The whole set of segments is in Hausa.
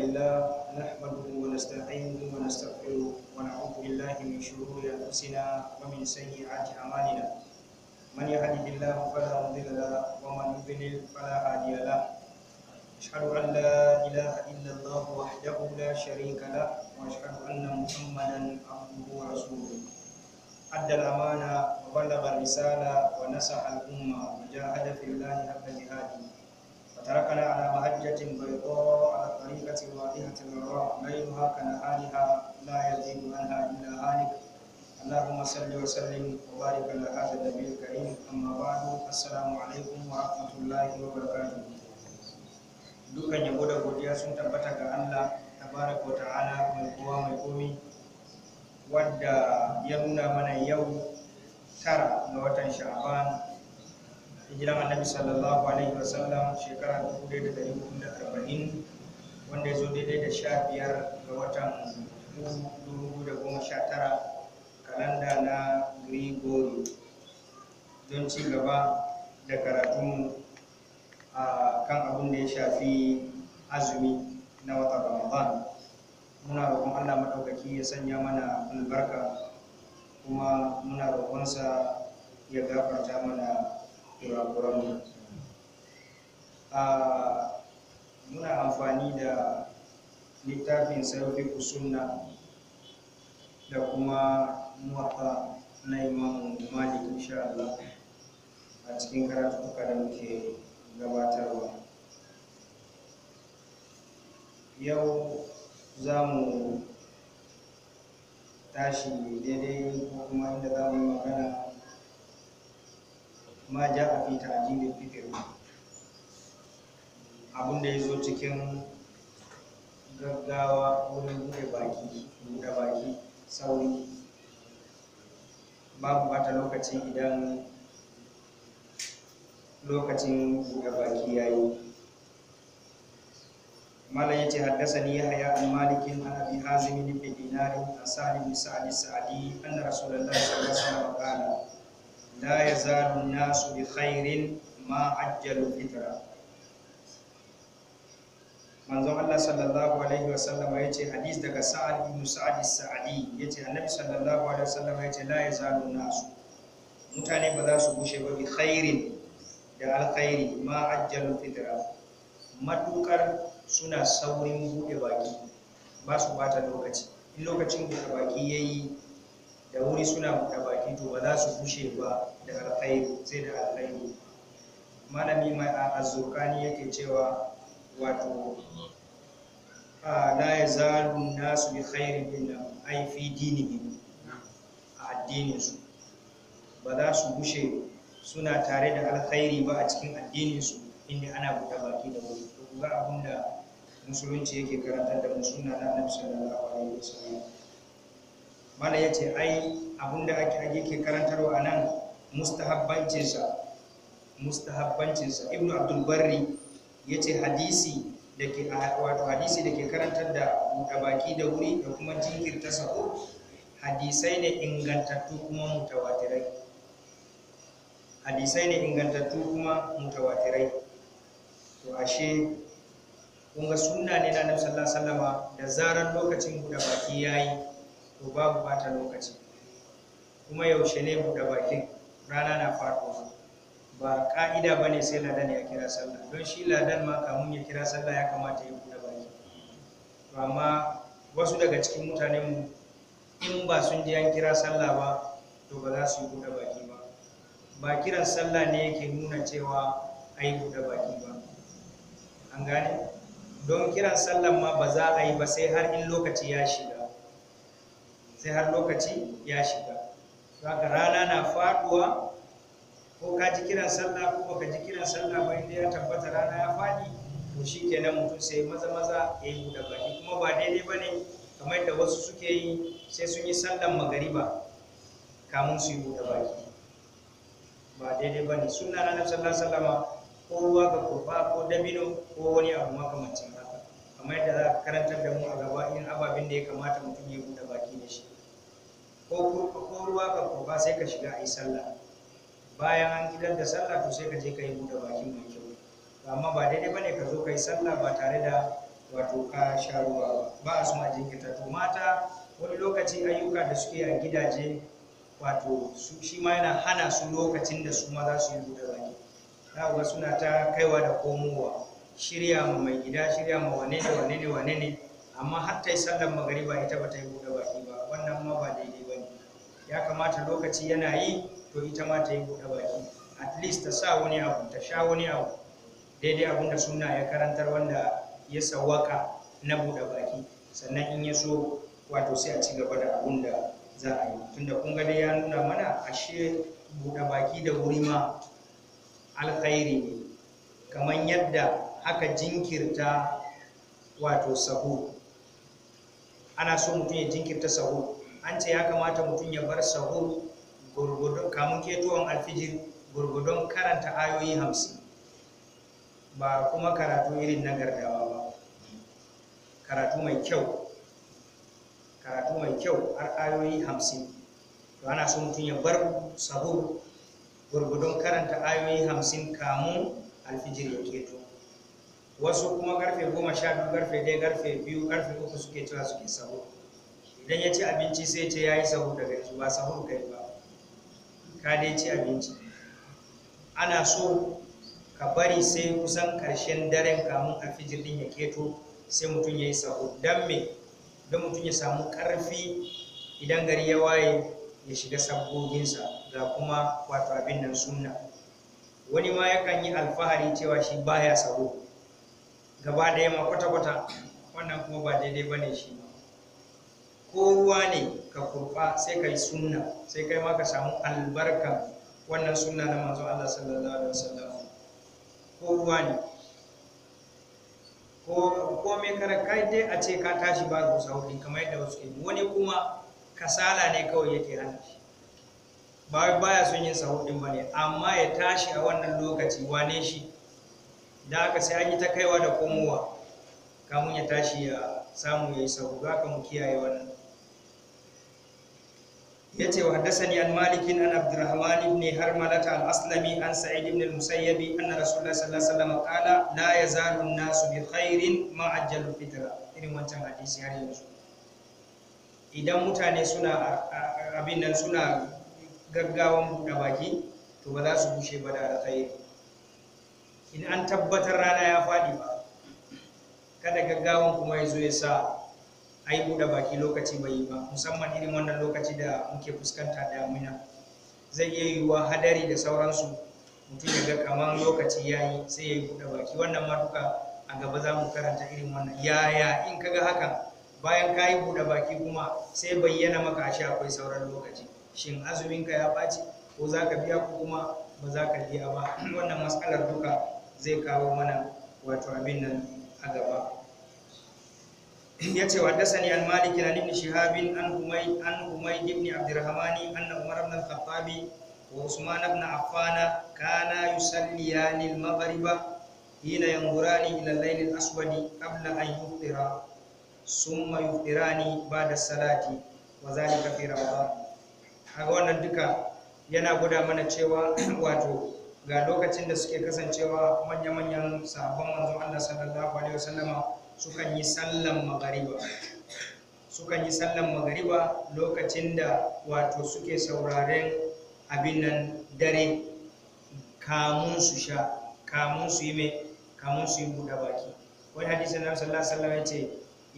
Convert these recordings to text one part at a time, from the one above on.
لله نحمده ونستعينه ونستغفره ونعوذ بالله من شرور انفسنا ومن سيئات اعمالنا من يهده الله فلا مضل له ومن يضلل فلا هادي له اشهد ان لا اله الا الله وحده لا شريك له واشهد ان محمدا عبده ورسوله ادى الامانه وبلغ الرساله ونصح الامه وجاهد في الله حق جهاده وتركنا على مهجه بيضاء الحقيقة الواضحة الغراء ليلها كنهارها لا يزيد عنها إلا هالك اللهم صل وسلم وبارك على هذا النبي الكريم أما بعد السلام عليكم ورحمة الله وبركاته dukkan yabo da godiya sun tabbata ga Allah tabaraka wa ta'ala mai kowa mai komi wadda ya nuna mana yau tara ga watan sha'ban hijiran annabi sallallahu alaihi wasallam shekara 1440 wanda ya zo daidai da sha biyar ga watan dubu da goma sha tara kalanda na gregory don ci gaba da karatun a kan abin da ya shafi azumi na watan ramadan muna roƙon allah maɗaukaki ya sanya mana albarka kuma muna roƙonsa ya gafarta mana kurakuranmu muna amfani da littafin sarfi sunna da kuma muwatta na imam malik insha Allah a cikin karatuka da muke gabatarwa yau za mu tashi daidai ko kuma inda za mu yi magana ma ja a fita jini fitar abin da ya zo cikin gaggawa wurin buɗe baki buɗe baki sauri babu bata lokaci idan lokacin buɗe baki ya yi malam ya ce haddasani yahya an malikin an abi hazim da dinari an sa'd ibn sa'd sa'di anna rasulullahi sallallahu alaihi wasallam qala la yazalu an-nasu bi khairin ma ajjalu fitra manzon Allah sallallahu alaihi wa ya ce hadis daga sa'ad ibn sa'ad sa'adi ya ce annabi sallallahu alaihi wasallama ya ce la yazalu nasu mutane ba za su gushe ba bi khairin da alkhairi ma ajjalu fitra matukar suna saurin bude baki ba su bata lokaci in lokacin da baki yayi da wuri suna buɗe baki to ba za su gushe ba da alkhairi sai da alkhairi malami mai azurkani yake cewa wato la ya zalu nasu bi khairin illa ai fi dinihim a addininsu? ba za su gushe suna tare da alkhairi ba a cikin addininsu, inda ana buɗa baki da wuri to kuma abin da musulunci yake karantar da mu sunna na annabi sallallahu alaihi wasallam mala yace ai abin da ake yake karantarwa anan mustahabbancinsa mustahabbancinsa ibnu abdul barri ya ce hadisi da ke wato hadisi da ke karantar da mutabaki da wuri da kuma jinkirta sako hadisai ne ingantattu kuma mutawatirai hadisai ne ingantattu kuma mutawatirai to ashe kunga suna ne na Annabi sallallahu alaihi wasallama da zaran lokacin buɗe baki yayi to babu bata lokaci kuma yaushe ne buɗe bakin rana na faɗo ba ka'ida ba ne sai ladan ya kira sallah don shi ladan ma kamun ya kira sallah ya kamata ya buɗe baki to amma wasu daga cikin mutanen mu in ba sun ji an kira sallah ba to ba za su yi buɗe baki ba ba kiran sallah ne yake nuna cewa a yi buɗe baki ba an gane don kiran Sallah ma ba za a yi ba sai har in lokaci ya shiga sai har lokaci ya shiga haka rana na faduwa ko ka ji kiran sallah ko baka ji kiran sallah ba inda ya tabbata rana ya faɗi to shikenan mutum sai maza maza ya yi buɗe baki kuma ba daidai ba ne kamar da wasu suke yi sai sun yi sallan magariba kamun su yi buɗe baki ba daidai ba ne suna na nabi sallallahu alaihi wasallam ko ruwa ga kurfa ko dabino ko wani abu makamancin haka kamar yadda za ka karantar da mu a gaba in ababen da ya kamata mutum ya buɗe baki da shi ko ruwa ga kurfa sai ka shiga a yi sallah bayan an idar da sallah to sai ka je ka yi buɗe baki mai kyau amma ba daidai ba ne ka zo ka yi sallah ba tare da wato ka sha ruwa ba ba a suna jinkirta to mata wani lokaci ayyuka da suke a gidaje wato shi ma yana hana su lokacin da su ma za su yi buɗe baki za ga suna ta kaiwa da komowa shirya ma mai gida shirya ma wane ne wane ne wane ne amma har ta yi sallar magariba ita ba ta yi buɗe baki ba wannan ma ba daidai ba ne ya kamata lokaci yana yi to ita ma ta yi buɗe baki at least ta sa wani abu ta sha wani abu daidai abin da suna ya karantar wanda ya sawaka na buɗe baki sannan in ya so wato sai a ci gaba da abun da za a yi tunda kun ga dai ya nuna mana ashe buɗe baki da wuri ma alkhairi ne kamar yadda haka jinkirta wato sahu ana so mutum ya jinkirta sahu an ce ya kamata mutum ya bar sahu gurgudun kamun ketowar alfijir gurgudun karanta ayoyi hamsin ba kuma karatu irin na gardawa ba karatu mai kyau karatu mai kyau har ayoyi hamsin to ana so mutum ya bar sahur gurgudun karanta ayoyi hamsin kamun alfijir ya keto wasu kuma karfe goma sha biyu karfe ɗaya karfe biyu karfe uku suke cewa suke sahur idan ya ci abinci sai ce ya yi sahur daga yanzu ba sahur kai ba ka dai ci abinci ana so ka bari sai kusan karshen daren kamun a din ya keto sai mutum ya yi sahu don me don mutum ya samu karfi idan gari ya waye ya shiga sabboginsa ga kuma wato abin nan sunna wani ma yakan yi alfahari cewa shi baya sahu gaba ɗaya ma kwata-kwata wannan kuma ba daidai ba ne shi ko ruwa ne ka kurba sai yi sunna sai kai ma ka samu albarka wannan sunna na manzo Allah sallallahu alaihi wasallam ko ruwa ne ko ko me kare kai dai a ce ka tashi ba ku sauri kamar yadda wasu ke wani kuma kasala ne kawai yake hana shi ba baya son yin sahudin bane amma ya tashi a wannan lokaci wane shi da aka sai an yi ta kaiwa da komowa kamun ya tashi ya samu ya yi sahu za ka mu kiyaye wannan yace wa haddathani an malik an abdurrahman ibn harmalah al aslami an sa'id ibn al musayyib anna rasulullah sallallahu alaihi wasallam qala la yazalu an nasu bi khairin ma ajjalu fitra irin wancan hadisi har yanzu idan mutane suna abin nan suna gaggawan buɗe baki to ba za su bushe ba da alkhairi in an tabbatar rana ya faɗi ba kada gaggawan kuma yazo ya sa a yi buɗe baki lokaci bai yi ba musamman irin wannan lokaci da muke fuskanta damina zai iya yiwuwa hadari da sauransu mutum ya ga kamar lokaci ya yi sai ya yi buɗe baki wannan ma duka a gaba za mu karanta irin wannan yaya in kaga hakan bayan ka yi buɗe baki kuma sai bayyana maka shi akwai sauran lokaci shin azuminka ya ɓaci ko za ka biya ko kuma ba za ka biya ba wannan matsalar duka zai kawo mana wato abin nan a gaba yace wa dasani an malik an ibn shihab an humay an humay ibn abdurrahman an umar ibn al-khattab wa usman ibn affan kana yusalliyan al-maghrib hina yanzurani ila al-layl al-aswad qabla an yuftira summa yuftirani ba'da salati wa zalika fi ramadan kaga wannan duka yana guda mana cewa wato ga lokacin da suke kasancewa manya-manyan sabon manzon Allah sallallahu alaihi wasallama sukan yi sallan magariba sukan yi sallan magariba lokacin da wato suke sauraren abin nan dare kamun su sha kamun su yi mai kamun su yi buɗe baki wani hadisi na sallallahu alaihi ce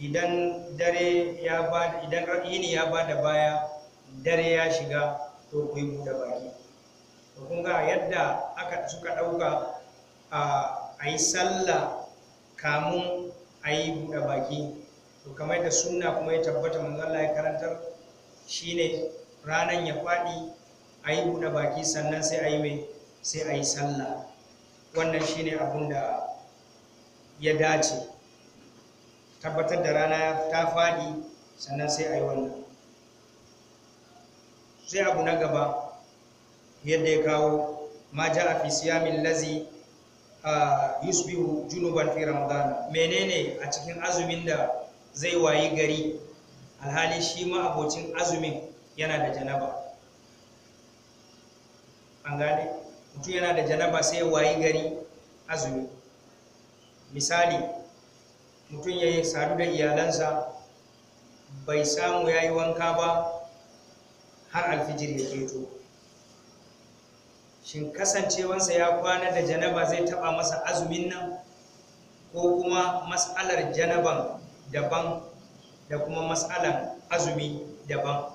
idan dare ya ba idan yini ya ba da baya dare ya shiga to ku yi buɗe baki to kun ga yadda aka suka ɗauka a yi sallah kamun yi buɗe baki to kamar da sunna kuma ya tabbata manzo Allah ya karantar shine ranan ya faɗi ayi buɗe baki sannan sai ayi mai sai ayi sallah wannan shine abun da ya dace tabbatar da rana ta faɗi sannan sai ayi wannan sai abu na gaba yadda ya kawo ma ja'a fi siyamin lazi yusbihu junuban fi ramadan menene a cikin azumin da zai wayi gari alhali shi ma abocin azumin yana da janaba an gane mutum yana da janaba sai wayi gari azumi misali mutum ya yi sadu da iyalansa bai samu ya yi wanka ba har alfijir ya keto shin kasancewansa ya kwana da janaba zai taba masa azumin nan ko kuma mas'alar janaban daban da kuma mas'alar azumi daban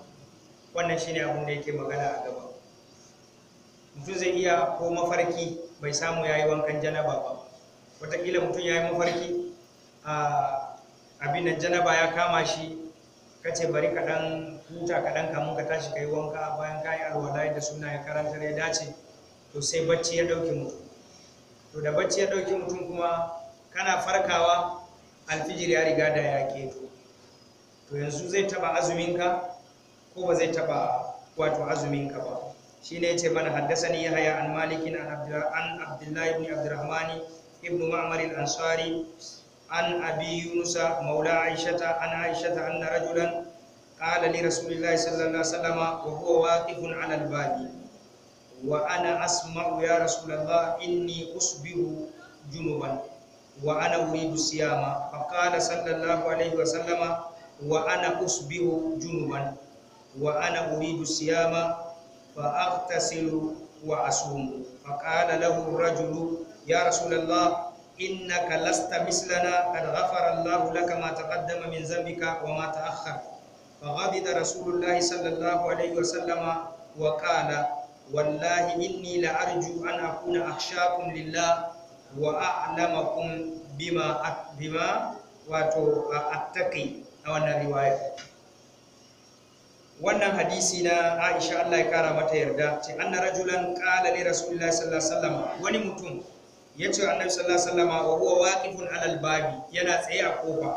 wannan shine abin da yake magana a gaba mutum zai iya ko mafarki bai samu yayi wankan janaba ba wataƙila mutum ya yi mafarki a abin da janaba ya kama shi kace bari ka dan huta kaɗan kamun ka tashi ka yi wanka bayan ka yi alwala da suna ya karanta, ya dace to sai bacci ya ɗauki mutum to da bacci ya ɗauki mutum kuma kana farkawa alfijir ya riga da ya keto to yanzu zai taɓa azuminka ko ba zai taɓa wato azuminka ba Shi ne ce mana haddasani yahya an malikin an an abdullahi ibn abdurrahmani ibn ma'mar al-ansari an abi yunusa maula aishata an aishata anna rajulan qala li rasulillahi sallallahu alaihi wasallam wa huwa waqifun ala al وأنا أسمع يا رسول الله إني أصبح جنوبا وأنا أريد الصيام فقال صلى الله عليه وسلم وأنا أصبح جنوبا وأنا أريد الصيام فأغتسل وأصوم فقال له الرجل يا رسول الله إنك لست مثلنا قد غفر الله لك ما تقدم من ذنبك وما تأخر فغضب رسول الله صلى الله عليه وسلم وقال wallahi inni la'arju an akuna akhshakum lillah wa a'lamakum bima bima wato attaqi a wannan riwaya wannan hadisi na Aisha Allah ya kara mata yarda ce anna rajulan qala li rasulillahi sallallahu alaihi wasallam wani mutum yace annabi sallallahu alaihi wasallam wa huwa waqifun alal babi yana tsaye a kofa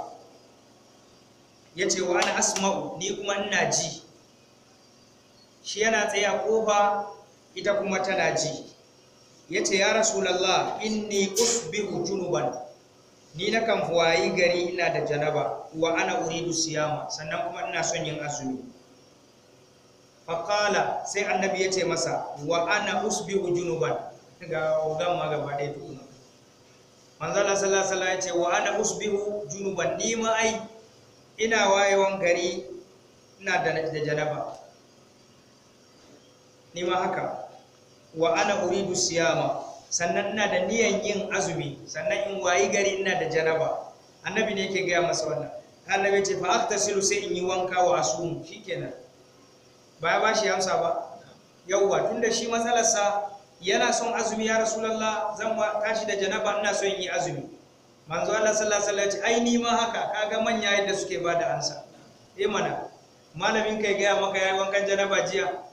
yace wa ana asma'u ni kuma ina ji shi yana tsaye a kofa ita kuma tana ji Ya ce, ya in inni usbihu junuban ni na kan fuwayi gari ina da janaba wa ana uridu siyama sannan kuma ina son yin azumi faqala sai annabi ya ce masa wa ana usbihu junuban ga gama gaba ɗaya tukuna manzala sallallahu ya ce wa ana usbihu junuban ni ma ai ina wayewan gari ina da janaba ni ma haka wa ana uridu siyama sannan ina da niyan yin azumi sannan in wayi gari ina da janaba annabi ne yake gaya masa wannan annabi ce fa aktasilu sai in yi wanka wa asumu shikenan ba ya bashi amsa ba yawwa tunda shi matsalarsa yana son azumi ya rasulullah zan tashi da janaba ina so in yi azumi manzo Allah sallallahu alaihi wasallam ai ni ma haka kaga manya yadda suke bada ansa eh mana malamin kai gaya maka yayi wankan janaba jiya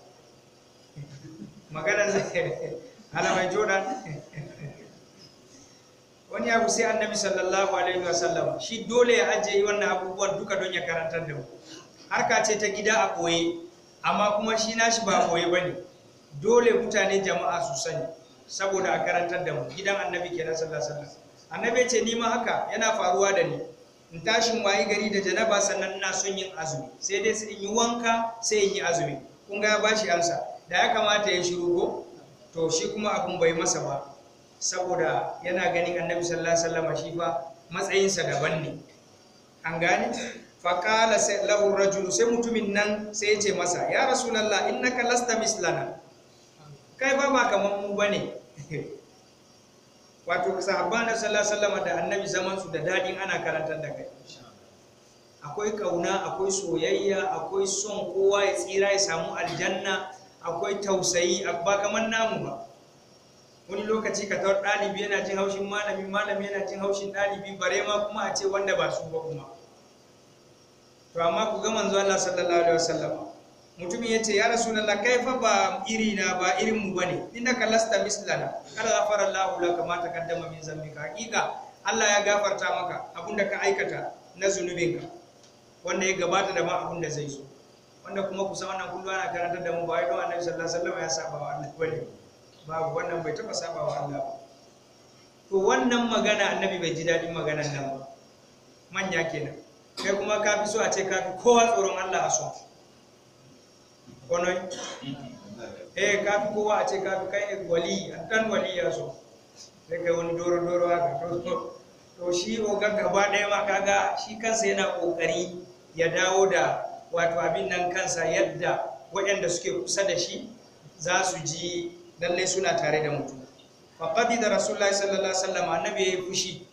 maganar mai joda wani abu sai annabi sallallahu alaihi wasallam shi dole ya ajiye wannan abubuwan duka don ya karanta da mu harka ce ta gida a koye amma kuma shi nashi ba koye ba ne dole mutane jama'a su sani saboda a karantar da mu gidan annabi kenan sallallahu alaihi wasallam annabi ce ni ma haka yana faruwa da ni in tashin wayi gari da janaba sannan ina son yin azumi sai dai in yi wanka sai in yi azumi kun ga ya bashi amsa da ya kamata ya shiru ko to shi kuma abun bai masa ba saboda yana ganin annabi sallallahu alaihi wasallam shi fa matsayinsa daban ne an gane faƙala lahu rajul sai mutumin nan sai ya ce masa ya rasulullah innaka lasta mislana kai ba ba kamar mu bane wato sahabban na sallallahu da annabi zaman su da dadin ana karanta da kai akwai kauna akwai soyayya akwai son kowa ya tsira ya samu aljanna akwai tausayi ba kamar namu ba wani lokaci ka ɗalibi yana cin haushin malami malami yana cin haushin ɗalibi bare ma kuma a ce wanda ba su ba kuma to amma ku ga manzo Allah sallallahu alaihi wasallam mutumin yace ya rasulullah kaifa ba iri na ba irin mu bane innaka lasta mislana kar ghafara Allahu laka ma taqaddama min zambika hakika Allah ya gafarta maka abinda ka aikata na zunubinka wanda ya gabata da ma abinda zai zo wanda kuma kusa wannan kullu ana karantar da mu ba wai don annabi sallallahu alaihi wasallam ya saba wa Allah bane babu wannan bai taba saba wa Allah ba to wannan magana annabi bai ji dadin maganar nan ba manya kenan kai kuma ka fi so a ce ka fi kowa tsoron Allah a so kwanoi eh ka fi kowa a ce ka fi kai wali dan wali ya so sai kai wani doro doro haka to shi ogan gaba ɗaya ma kaga shi kansa yana kokari ya dawo da wato abin nan kansa yadda waɗanda suke kusa da shi za su ji lallai suna tare da mutu. faƙaɗi da rasulullahi sallallahu alaihi wasallam annabi ya yi fushi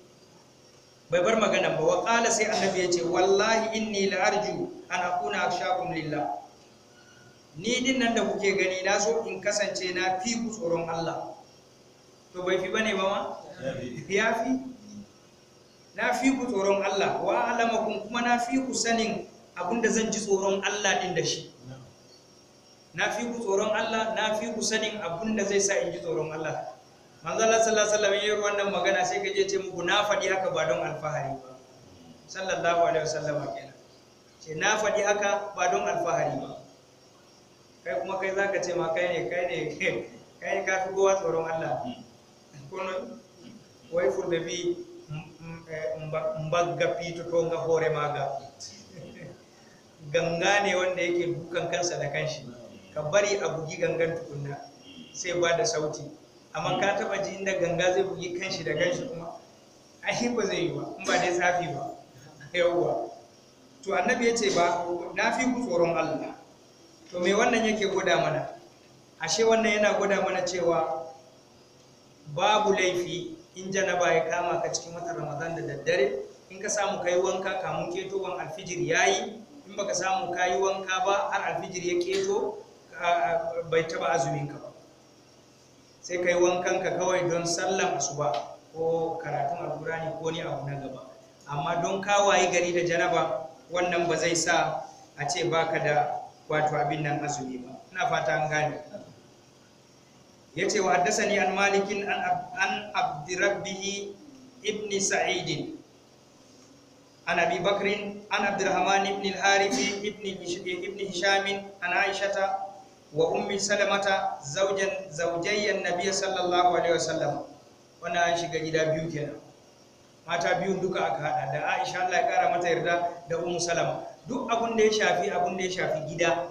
bai bar magana ba waƙala sai annabi ya ce wallahi inni la'arju an akuna akshakum lilla. ni din nan da kuke gani na so in kasance na fi ku tsoron Allah to bai fi bane ba ma ya fi na fi ku tsoron Allah wa alamakum kuma na fi ku sanin abinda zan ji tsoron Allah din da shi na fi ku tsoron Allah na fi ku sanin abinda zai sa in ji tsoron Allah manzo Allah sallallahu alaihi wasallam yayin wannan magana sai ka je ce muku na faɗi haka ba don alfahari ba sallallahu alaihi wasallam kenan ce na faɗi haka ba don alfahari ba kai kuma kai zaka ce ma kai ne kai ne kai ne ka fi kowa tsoron Allah kono wai fulbe bi mbagga mm, mm, eh, pito to hore maga. ganga ne wanda yake dukan kansa da kanshi ka bari a bugi gangan tukunna sai ba da sauti amma ka taba ji inda ganga zai bugi kanshi da kanshi kuma ai ba zai yi ba in ba dai tsafi ba yawwa to annabi ya ce ba na fi ku tsoron Allah to me wannan yake gwada mana ashe wannan yana gwada mana cewa babu laifi in janaba ya kama ka cikin watan Ramadan da daddare in ka samu kai wanka kamun ketowan alfijir yayi in baka samu kayi wanka ba har alfijir ya keto bai taba azumin ka ba sai kai wankan ka kawai don sallan asuba ko karatun alkurani ko ne abu na gaba amma don kawaye gari da janaba wannan ba zai sa a ce baka da wato abin nan azumi ba ina fata an gane yace wa haddasani an malikin an an abdirabbihi ibni sa'idin عن أبي بكر عن عبد الرحمن بن الحارث بن ابن هشام عن عائشة وأم سلمة زوجا زوجي النبي صلى الله عليه وسلم وانا عائشة جدا mata biyun duka aka hada da Aisha Allah ya kara mata yarda da Ummu Salama duk abun da ya shafi abun da ya shafi gida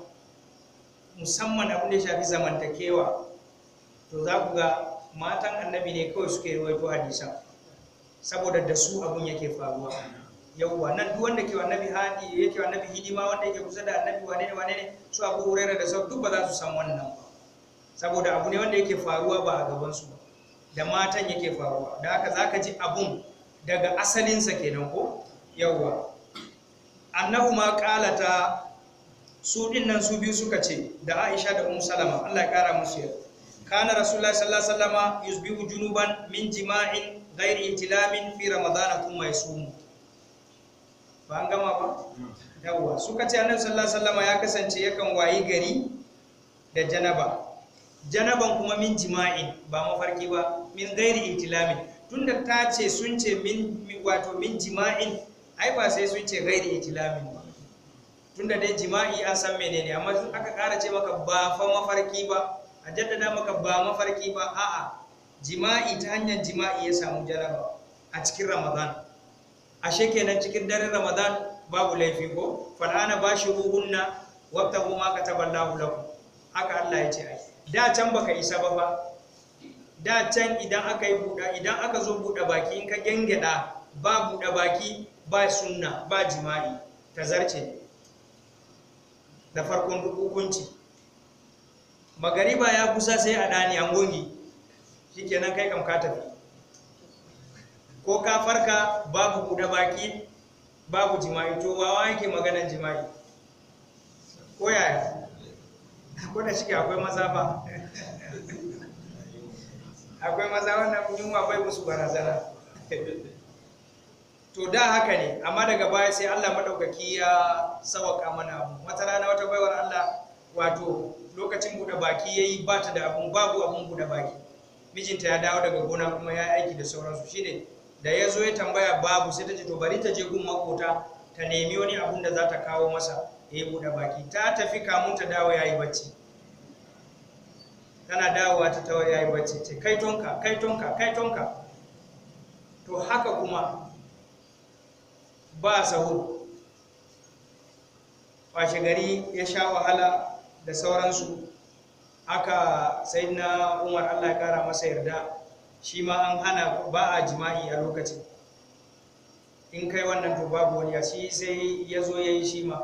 musamman abun da ya shafi zamantakewa to za ku ga matan annabi ne kawai suke rawaito hadisan saboda da su abun yake faruwa yawwa nan duk wanda ke wa annabi hadi yake wa annabi hidima wanda yake kusa da annabi wane ne wane ne su abu huraira da sau duk ba za su san wannan ba saboda abu ne wanda yake faruwa ba a gaban su ba da matan yake faruwa da haka zaka ji abun daga asalinsa kenan ko Annahu ma qalata su nan su biyu suka ce da Aisha da Ummu Salama Allah ya kara musu yarda kana rasulullah sallallahu alaihi wasallama yusbihu junuban min jima'in ghairi ihtilamin fi ramadana kuma yasumu ba an gama ba yawwa suka ce annabi sallallahu alaihi wasallam ya kasance yakan wayi gari da janaba janaban kuma min jima'i ba mafarki ba min gairi ihtilamin tunda ta ce sun ce min wato min jima'i, ai ba sai sun ce gairi ihtilamin ba tunda dai jima'i an san menene amma sun aka ƙara ce maka ba fa mafarki ba a jaddada maka ba mafarki ba a'a jima'i ta hanyar jima'i ya samu janaba a cikin ramadan ashe kenan cikin daren ramadan babu laifi ko fal'ana wata wabtahu ma kataballahu lakum haka Allah ya ce ai da can baka isa ba ba da can idan aka yi buɗa idan aka zo buɗa baki in ka gengeda ba buɗa baki ba sunna ba jima'i ta zarce da farkon hukunci magariba ya kusa sai a ɗani an gongi shikenan kai kam ka tafi ko ka farka babu kuda baki babu jima'i to ba wa yake maganar jima'i ko yaya ko da shike akwai maza ba akwai maza wannan ba bai musu barazana to da haka ne amma daga baya sai Allah madaukaki ya sawaka mana wata rana wata baiwar Allah wato lokacin buɗe baki yayi bata da abun babu abun buɗe baki mijinta ya dawo daga gona kuma ya aiki da sauransu shine da ya zo ya tambaya babu sai ta ce to bari ta je gun makota ta nemi wani abun da za ta kawo masa ya yi buɗe baki ta tafi kamun ta dawo ya yi bacci tana dawowa ta tawo ya yi bacci ce kai tonka kai tonka kai tonka to haka kuma ba sahur washe gari ya sha wahala da sauransu haka sai na umar allah ya kara masa yarda shi ma an hana ba a jima'i a lokacin in kai wannan to babu wani shi sai ya zo ya yi shi ma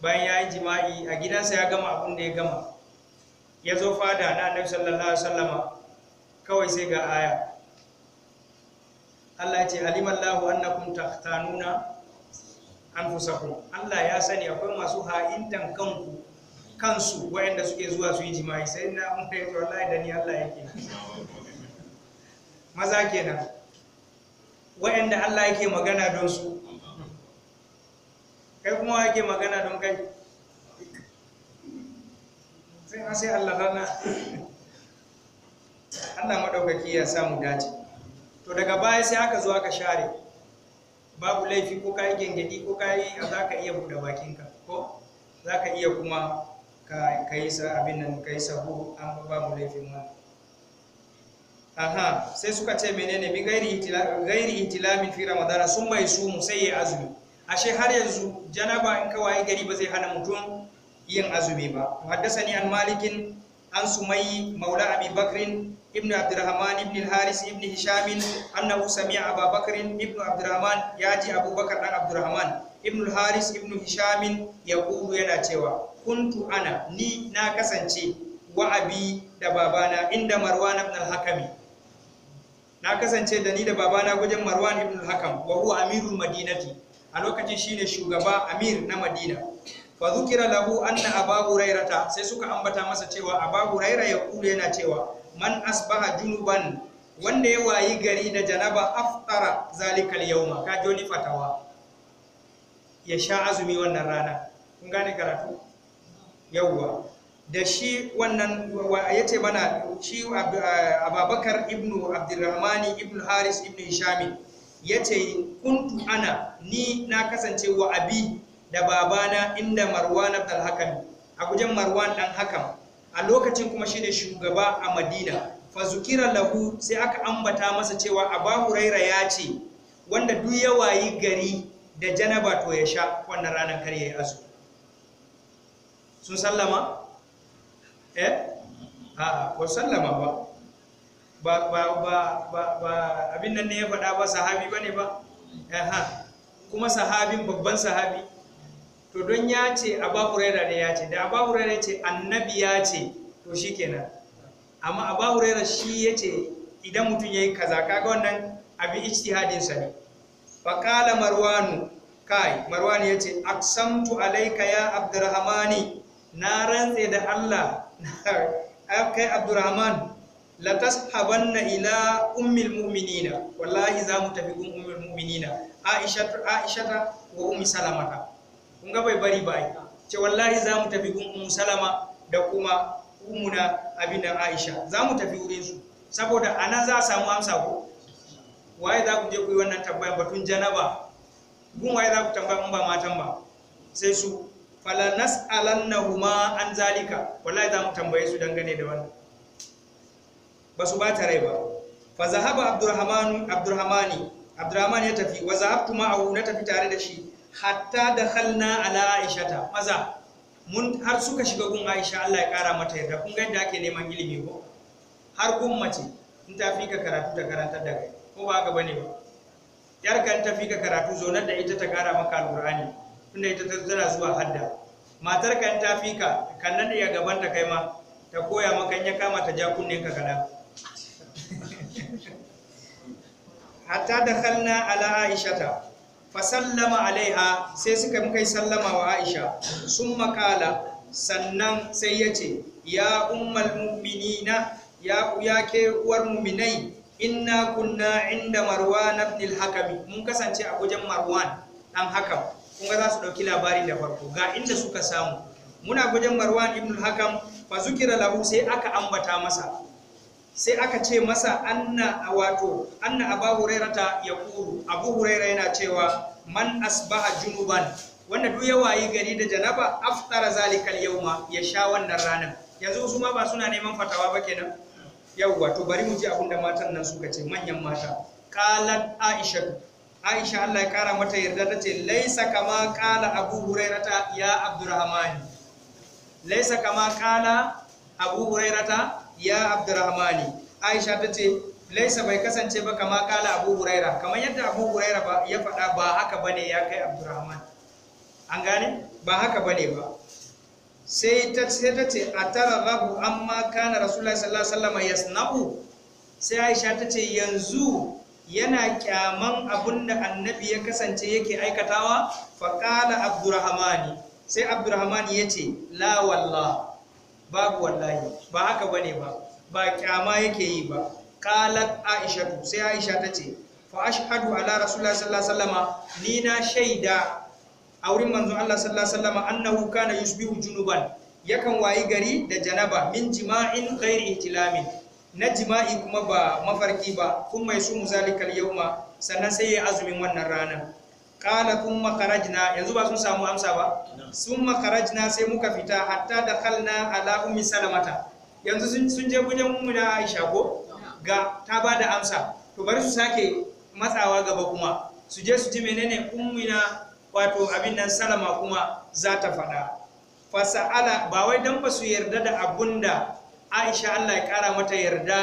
bayan ya yi jima'i a gidansa ya gama abin da ya gama ya zo fada na annabi sallallahu alaihi wasallama kawai sai ga aya Allah ya ce alimallahu annakum tahtanuna anfusakum Allah ya sani akwai masu ha'intan kanku kansu waɗanda suke zuwa su yi jima'i sai na umar ya ce wallahi da ni Allah yake maza kenan waɗanda Allah yake magana don su kai kuma yake magana don kai sai an sai Allah rana Allah maɗaukaki ya samu dace to daga baya sai aka zo aka share babu laifi ko kayi gengedi ko kayi za ka iya buɗe bakinka ko za ka iya kuma ka yi abin nan ka yi sahu an laifin wannan aha sai suka ce menene bi gairi ihtilamin fi ramadana sun mai mu sai ya azumi ashe har yanzu janaba in kawai gari ba zai hana mutum yin azumi ba haddasani an malikin an sumayi maula abi bakrin ibn abdurrahman ibn al-haris ibn hisham annahu sami'a abu bakrin ibn abdurrahman yaji abubakar dan abdurrahman ibn al-haris ibn hisham yaqulu yana cewa kuntu ana ni na kasance wa abi da babana inda marwan ibn al-hakami na kasance da ni da babana wajen marwan ibn al-hakam wa huwa amirul madinati a lokacin shine shugaba amir na madina fa zukira lahu anna abu hurairata sai suka ambata masa cewa abu huraira ya kula yana cewa man asbaha junuban wanda ya wayi gari da janaba aftara zalikal yawma ka joni fatawa ya sha azumi wannan rana kun gane karatu Yau da shi wannan ya ce mana shi ababakar ibnu abdurrahmani ibnu haris ibnu shami ya ce kuntu ana ni na kasance wa abi da babana inda marwan abdul hakam a gujen marwan dan hakan a lokacin kuma shine shugaba a madina fa zukira lahu sai aka ambata masa cewa aba huraira ya ce wanda duk ya wayi gari da janaba to ya sha wannan ranar kar ya azumi sun sallama eh a ko sallama ba ba ba ba ba, ba abin nan ne ya faɗa ba sahabi ba ne ba eh ha kuma sahabin babban sahabi to don ya ce Abu Huraira ne ya ce da Abu Huraira ya ce annabi ya ce to shikenan amma Abu Huraira shi ya ce idan mutum ya yi kaza kaga wannan abin ijtihadin sa ne fa qala marwanu kai marwan ya ce aksamtu alaika ya abdurrahmani na rantse da Allah kai Abdurrahman la tashabanna ila ummil mu'minina wallahi za mu tafi gun ummil mu'minina Aisha Aisha wa ummi Salama ta, kun ga bai bari bai ce wallahi za mu tafi gun ummu Salama da kuma na abinda Aisha za mu tafi wurin su saboda ana za a samu amsa ko waye za ku je ku yi wannan tambayan batun janaba gun waye za ku tambaya in ba matan ba sai su fala nas'alannahuma an zalika wallahi za mu tambaye su dangane da wannan ba su bata rai ba fa zahaba abdurrahman abdurrahmani abdurrahman ya tafi wa zahabtu ma'ahu na tafi tare da shi hatta dakhalna ala aishata maza mun har suka shiga gun aisha Allah ya kara mata yarda kun ga yadda ake neman ilimi ko har gun mace in ta fi ka karatu ta karantar da kai ko ba haka bane ba yar kan ta fi ka karatu zonar da ita ta kara maka alqur'ani tunda ita ta tana zuwa hadda matar kan ta fika ka kan nan ya gaban ta kai ma ta koya maka ya kama ta ja kunne ka kada hatta dakhalna ala aishata fa sallama alaiha sai suka kai sallama wa aisha sun makala sannan sai ya ce ya ummal mu'minina ya ya ke uwar mu'minai inna kunna inda marwan ibn al-hakam mun kasance a wajen marwan dan hakam kun za su ɗauki labari da farko ga inda suka samu muna gudun marwan ibn hakam fa zukira lahu sai aka ambata masa sai aka ce masa anna wato anna abu hurairata ya kuru abu huraira yana cewa man asbaha junuban wanda duk ya wayi gari da janaba aftara zalikal yawma ya sha wannan ranar yanzu su ma ba suna neman fatawa ba kenan yau wato bari mu ji abin da matan nan suka ce manyan mata qalat aisha aisha allah ya kara mata yarda ta ce laisa kama kala abu hurairata ya Abdurrahman laisa kama kala abu hurairata ya Abdurrahman aisha ta ce laisa bai kasance ba kama kala abu huraira kamar yadda abu huraira ba ya faɗa ba haka bane ya kai abdurrahman an gane ba haka bane ba sai ta ce a tara rabu amma kana rasulullahi sallallahu alaihi wasallam yasna'u sai aisha ta ce yanzu yana kyaman abun da annabi ya kasance yake aikatawa faƙala abdurrahmani sai abdurrahmani ya ce la wallah babu wallahi ba haka bane ba ba kyama yake yi ba qalat aisha sai aisha ta ce fa ashhadu ala rasulullahi sallallahu alaihi wasallama ni na shaida a wurin manzon Allah sallallahu alaihi wasallama annahu kana yusbihu junuban yakan wayi gari da janaba min jima'in ghairi ihtilamin na jima'i kuma ba mafarki ba kun mai su muzalikal yawma sannan sai ya azumin wannan rana qala thumma kharajna yanzu ba sun samu amsa ba Sun kharajna sai muka fita hatta da kalna ala ummi salamata yanzu sun je gujen ummu na Aisha ko ga ta ba da amsa to bari su sake matsawa gaba kuma su je su ji menene ummu na wato abin nan salama kuma za ta faɗa fasa'ala ba wai dan ba su yarda da abunda aisha allah ya kara mata yarda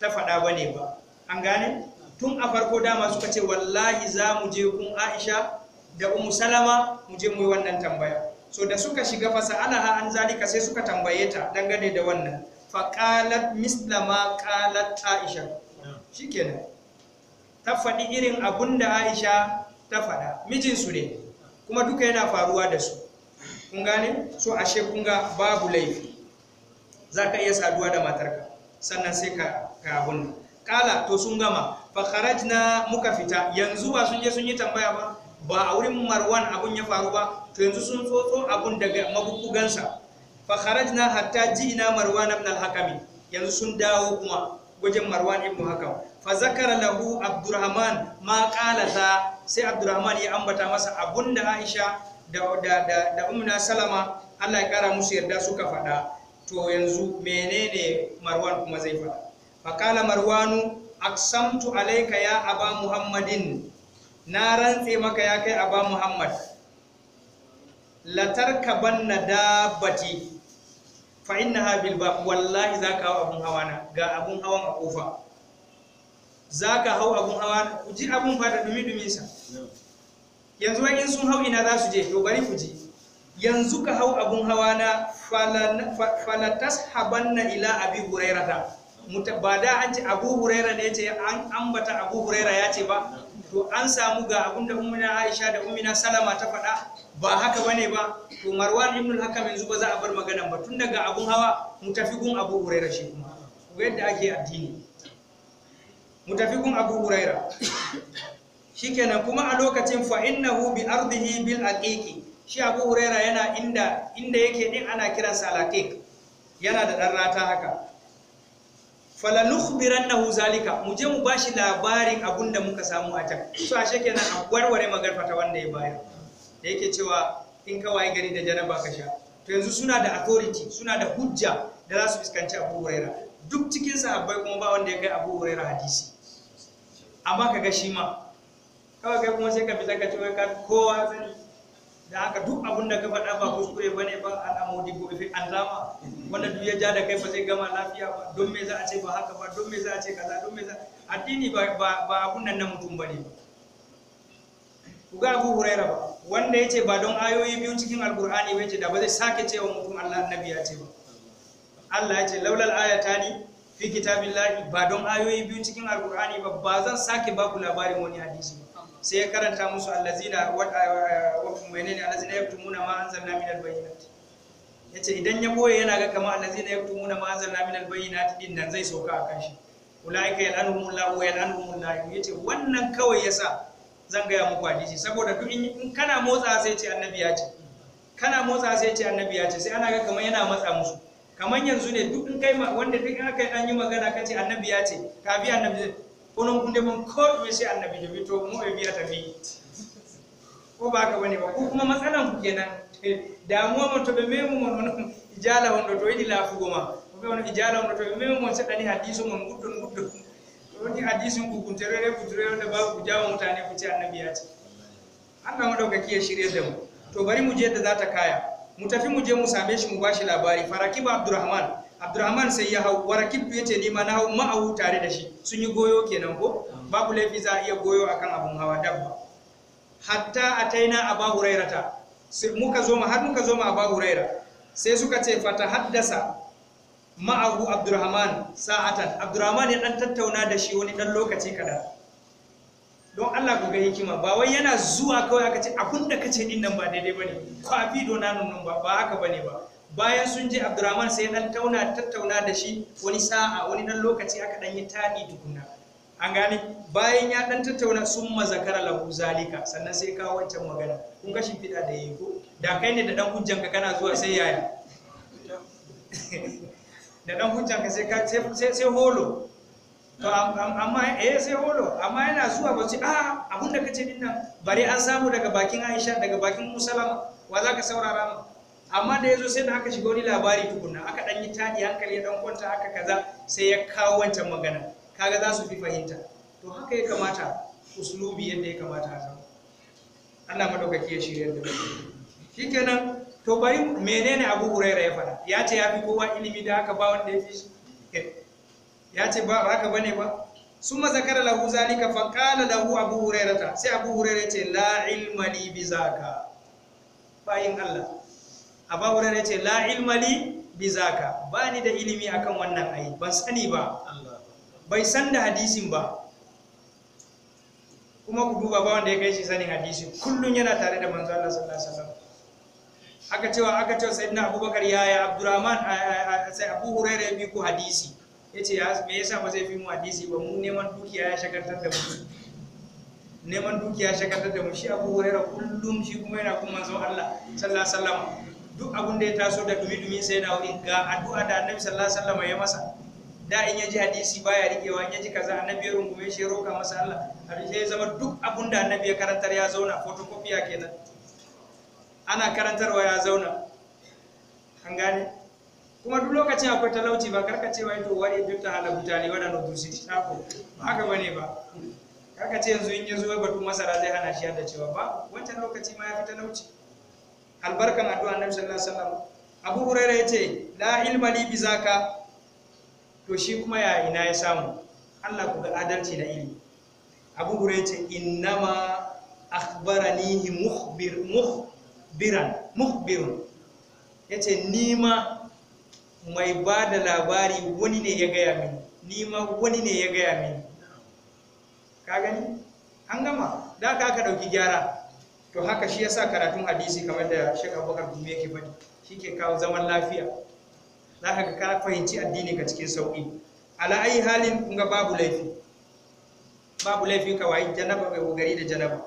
ta faɗa ba ne ba an gane tun a farko dama suka ce wallahi za mu je kun aisha da umu salama mu je mu yi wannan tambaya so da suka shiga fasa alaha an zalika sai suka tambaye ta dangane da wannan misla mislama ƙalat aisha shikenan ta faɗi irin abun da aisha ta faɗa mijinsu ne kuma duka yana faruwa da su kun gane so ashe kun ga babu laifi za ka iya saduwa da matarka sannan sai ka abun kala to sun gama fa na muka fita yanzu ba sun je sun yi tambaya ba ba a wurin marwan abun ya faru ba to yanzu sun tsotso abun daga mabukugansa fa na hatta ina marwan ibn al-hakami yanzu sun dawo kuma wajen marwan ibn hakam fa zakara lahu abdurrahman ma qala za sai abdurrahman ya ambata masa abunda aisha da da da, salama Allah ya kara musu yarda suka faɗa to yanzu menene marwan kuma zai faɗa fakala marwanu aksamtu alaika ya aba muhammadin na rantse maka ya kai aba muhammad latarka banna dabbati fa innaha bil bab wallahi zaka hau abun hawana ga abun hawan a kofa zaka hau abun hawana ku ji abun fada dumi dumin sa yanzu wai in sun hau ina za su je to bari ku ji yanzu ka hau abun hawa na falatas habanna ila abi hurairata ba da an ce abu huraira ne ce an ambata abu huraira ya ce ba to an samu ga abun da ummina aisha da ummina salama ta faɗa ba haka bane ba to marwan ibn al-hakam yanzu ba za a bar maganan ba tun daga abun hawa mu tafi gun abu huraira shi kuma ku yadda ake addini mu tafi gun abu huraira shikenan kuma a lokacin fa innahu bi ardihi bil aqiqi shi abu huraira yana inda inda yake din ana kiransa alaqiq yana da dan rata haka falanukhbirannahu zalika mu je mu bashi labarin abun da muka samu a can so ashe kenan a warware magarfa ta wanda ya bayar da yake cewa in ka waye gari da janaba ka sha to yanzu suna da authority suna da hujja da za su fuskanci abu huraira duk cikin sahabbai kuma ba wanda ya kai abu huraira hadisi amma kaga shi ma kawai kai kuma sai ka fita ka ce kowa da haka duk abin da ka faɗa ba kuskure ba ne ba al'amudi ko ife allama wanda duk ya ja da kai ba zai gama lafiya ba don me za a ce ba haka ba don me za a ce kaza don me za addini ba ba abun nan na mutum ba ne ku ga Abu Huraira ba wanda yace ba don ayoyi biyu cikin Alkur'ani ba yace da ba zai sake cewa mutum Allah annabi ya ce ba Allah yace laulal ayatani fi kitabillahi ba don ayoyi biyu cikin Alkur'ani ba ba zan sake ba ku labarin wani hadisi ba sai ya karanta musu allazina wa menene allazina yaktumuna ma anzalna min albayyinat yace idan ya boye yana ga kamar allazina yaktumuna ma anzalna min albayyinat din nan zai sauka a akan shi ulaika yal'anuhumullahu wa yal'anuhumullahu yace wannan kawai yasa zan gaya muku hadisi saboda duk in kana motsa sai ce annabi ya ce kana motsa sai ce annabi ya ce sai ana ga kamar yana matsa musu kamar yanzu ne duk in kai wanda duk aka yi an yi magana kace annabi ya ce ka bi annabi kono hunde mon ko ɗume si annabi jogi to mo e wiyata ni ko baka wani ba ko kuma ku kenan damuwa mon to ɓe memu mon on ijala on ɗo to yiɗi laafugo ma oɓe on ijala on ɗo to ɓe memu mon seɗɗani hadisu mon guddon guddon ɗoni hadisu ngu kunterere kuturerede bawa ku jawa mutane ku ci annabi yati allah maɗaukaki ya shirye da mu to bari mu je kaya mu tafi mu je mu mu bashi labari farakiba abdurrahman abdurrahman sai ya hau ya ce ni ma na hau ma'ahu tare da shi sun yi goyo kenan ko babu laifi za a iya goyo akan abun hawa dabba hatta a ataina aba sai muka zo ma har muka zo ma aba huraira sai suka ce fata haddasa ma'ahu abdurrahman sa'atan abdurrahman ya dan tattauna da shi wani dan lokaci kaɗan. don Allah ku ga hikima ba wai yana zuwa kawai aka ce abun da kace din nan ba daidai bane ko do nanun nan ba ba haka bane ba bayan sun je abdurrahman sai dan tauna tattauna da shi wani sa'a wani dan lokaci aka dan yi taɗi tukunna an gane bayan ya dan tattauna sun mazakara lahu zalika sannan sai kawo wancan magana kun shi fida da yayi ko da kai ne da dan hujjanka kana zuwa sai yaya da dan hujjanka sai ka sai sai holo to amma eh sai holo amma yana zuwa ba ce a ah, abun da kace din nan bare an samu daga bakin Aisha daga bakin Musalama wa zaka saurara mu amma da ya zo sai da aka shiga wani labari tukunna aka dan yi tadi hankali ya dan kwanta aka kaza sai ya kawo wancan magana kaga za su fi fahimta to haka ya kamata uslubi yadda ya kamata haka Allah madaukaki ya shirya da shikenan to bari menene Abu Huraira ya faɗa ya ce ya fi kowa ilimi da aka ba wanda ya fi ya ce ba haka bane ba summa zakara lahu zalika fa qala lahu Abu Hurairata sai Abu Huraira ya ce la ilma li bi zaka bayin Allah abu Hurairah ya ce la ilmali bi zaka ba ni da ilimi akan wannan ayi ban sani ba bai san da hadisin ba kuma ku duba ba wanda ya kai shi sanin hadisin kullum yana tare da manzo Allah sallallahu alaihi wasallam aka cewa aka cewa sayyidina abubakar ya abdurrahman sai abu hurairah ya bi ku hadisi yace ya me yasa ba zai fi mu hadisi ba mu neman dukiya ya shagartar da mu neman dukiya shagartar da mu shi abu hurairah kullum shi kuma yana kuma manzo Allah sallallahu alaihi wasallam duk abun da ya taso da dumi dumi sai na in ga addu'a da annabi sallallahu alaihi wasallam ya masa da in ya ji hadisi baya rikewa in ya ji kaza annabi ya rungume shi ya roka masa Allah har sai ya zama duk abun da annabi ya karantar ya zauna photocopy kenan ana karantarwa ya zauna an gane kuma duk lokacin akwai talauci ba karka cewa wai to wani duk ta hala mutane wanda Na dusi ta ko ba ga bane ba karka ce yanzu in ya zo batun masara zai hana shi da cewa ba wancan lokaci ma ya fi talauci albarkan addu'a annabi sallallahu alaihi wasallam abu hurairah yace la ilma li bi zaka to shi kuma ya ina ya samu Allah ku ga adalci da ilimi abu hurairah yace innama akhbarani mukhbir mukhbiran mukhbirun yace nima mai ba da labari wani ne ya gaya mini nima wani ne ya gaya mini ka gani an gama da ka aka ɗauki gyara to haka shi yasa karatun hadisi kamar da Sheikh Abubakar Gumi yake faɗi shi ke kawo zaman lafiya za ka ga ka fahimci addini ga cikin sauƙi ala ayi halin kun ga babu laifi babu laifi ka wayi janaba bai gogari da janaba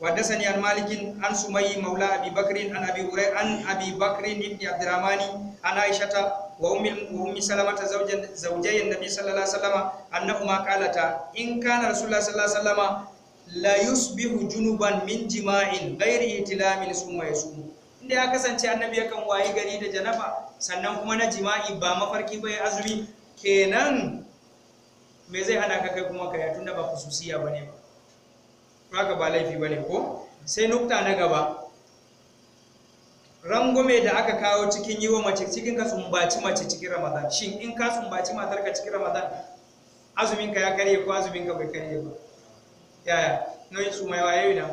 wa da sani an malikin an sumayi maula abi bakrin an abi urai an abi bakrin ibn abdurrahmani an aishata wa ummi wa ummi salamata zawjan zawjayin nabi sallallahu alaihi wasallama annahuma qalata in kana rasulullah sallallahu alaihi wasallama la yusbihu junuban min jima'in ghairi itilamin suma yasum inda ya kasance annabi yakan wayi gari da janaba sannan kuma na jima'i ba mafarki ba ya azumi kenan me zai hana ka kai kuma ka yi tunda ba khususiya bane ba haka ba laifi bane ko sai nukta na gaba rangume da aka kawo cikin yiwa mace cikin ka sumbaci mace cikin ramadan shin in ka sumbaci matarka cikin ramadan azumin ka ya karye ko azumin ka bai karye ba yaya yin su mai waye da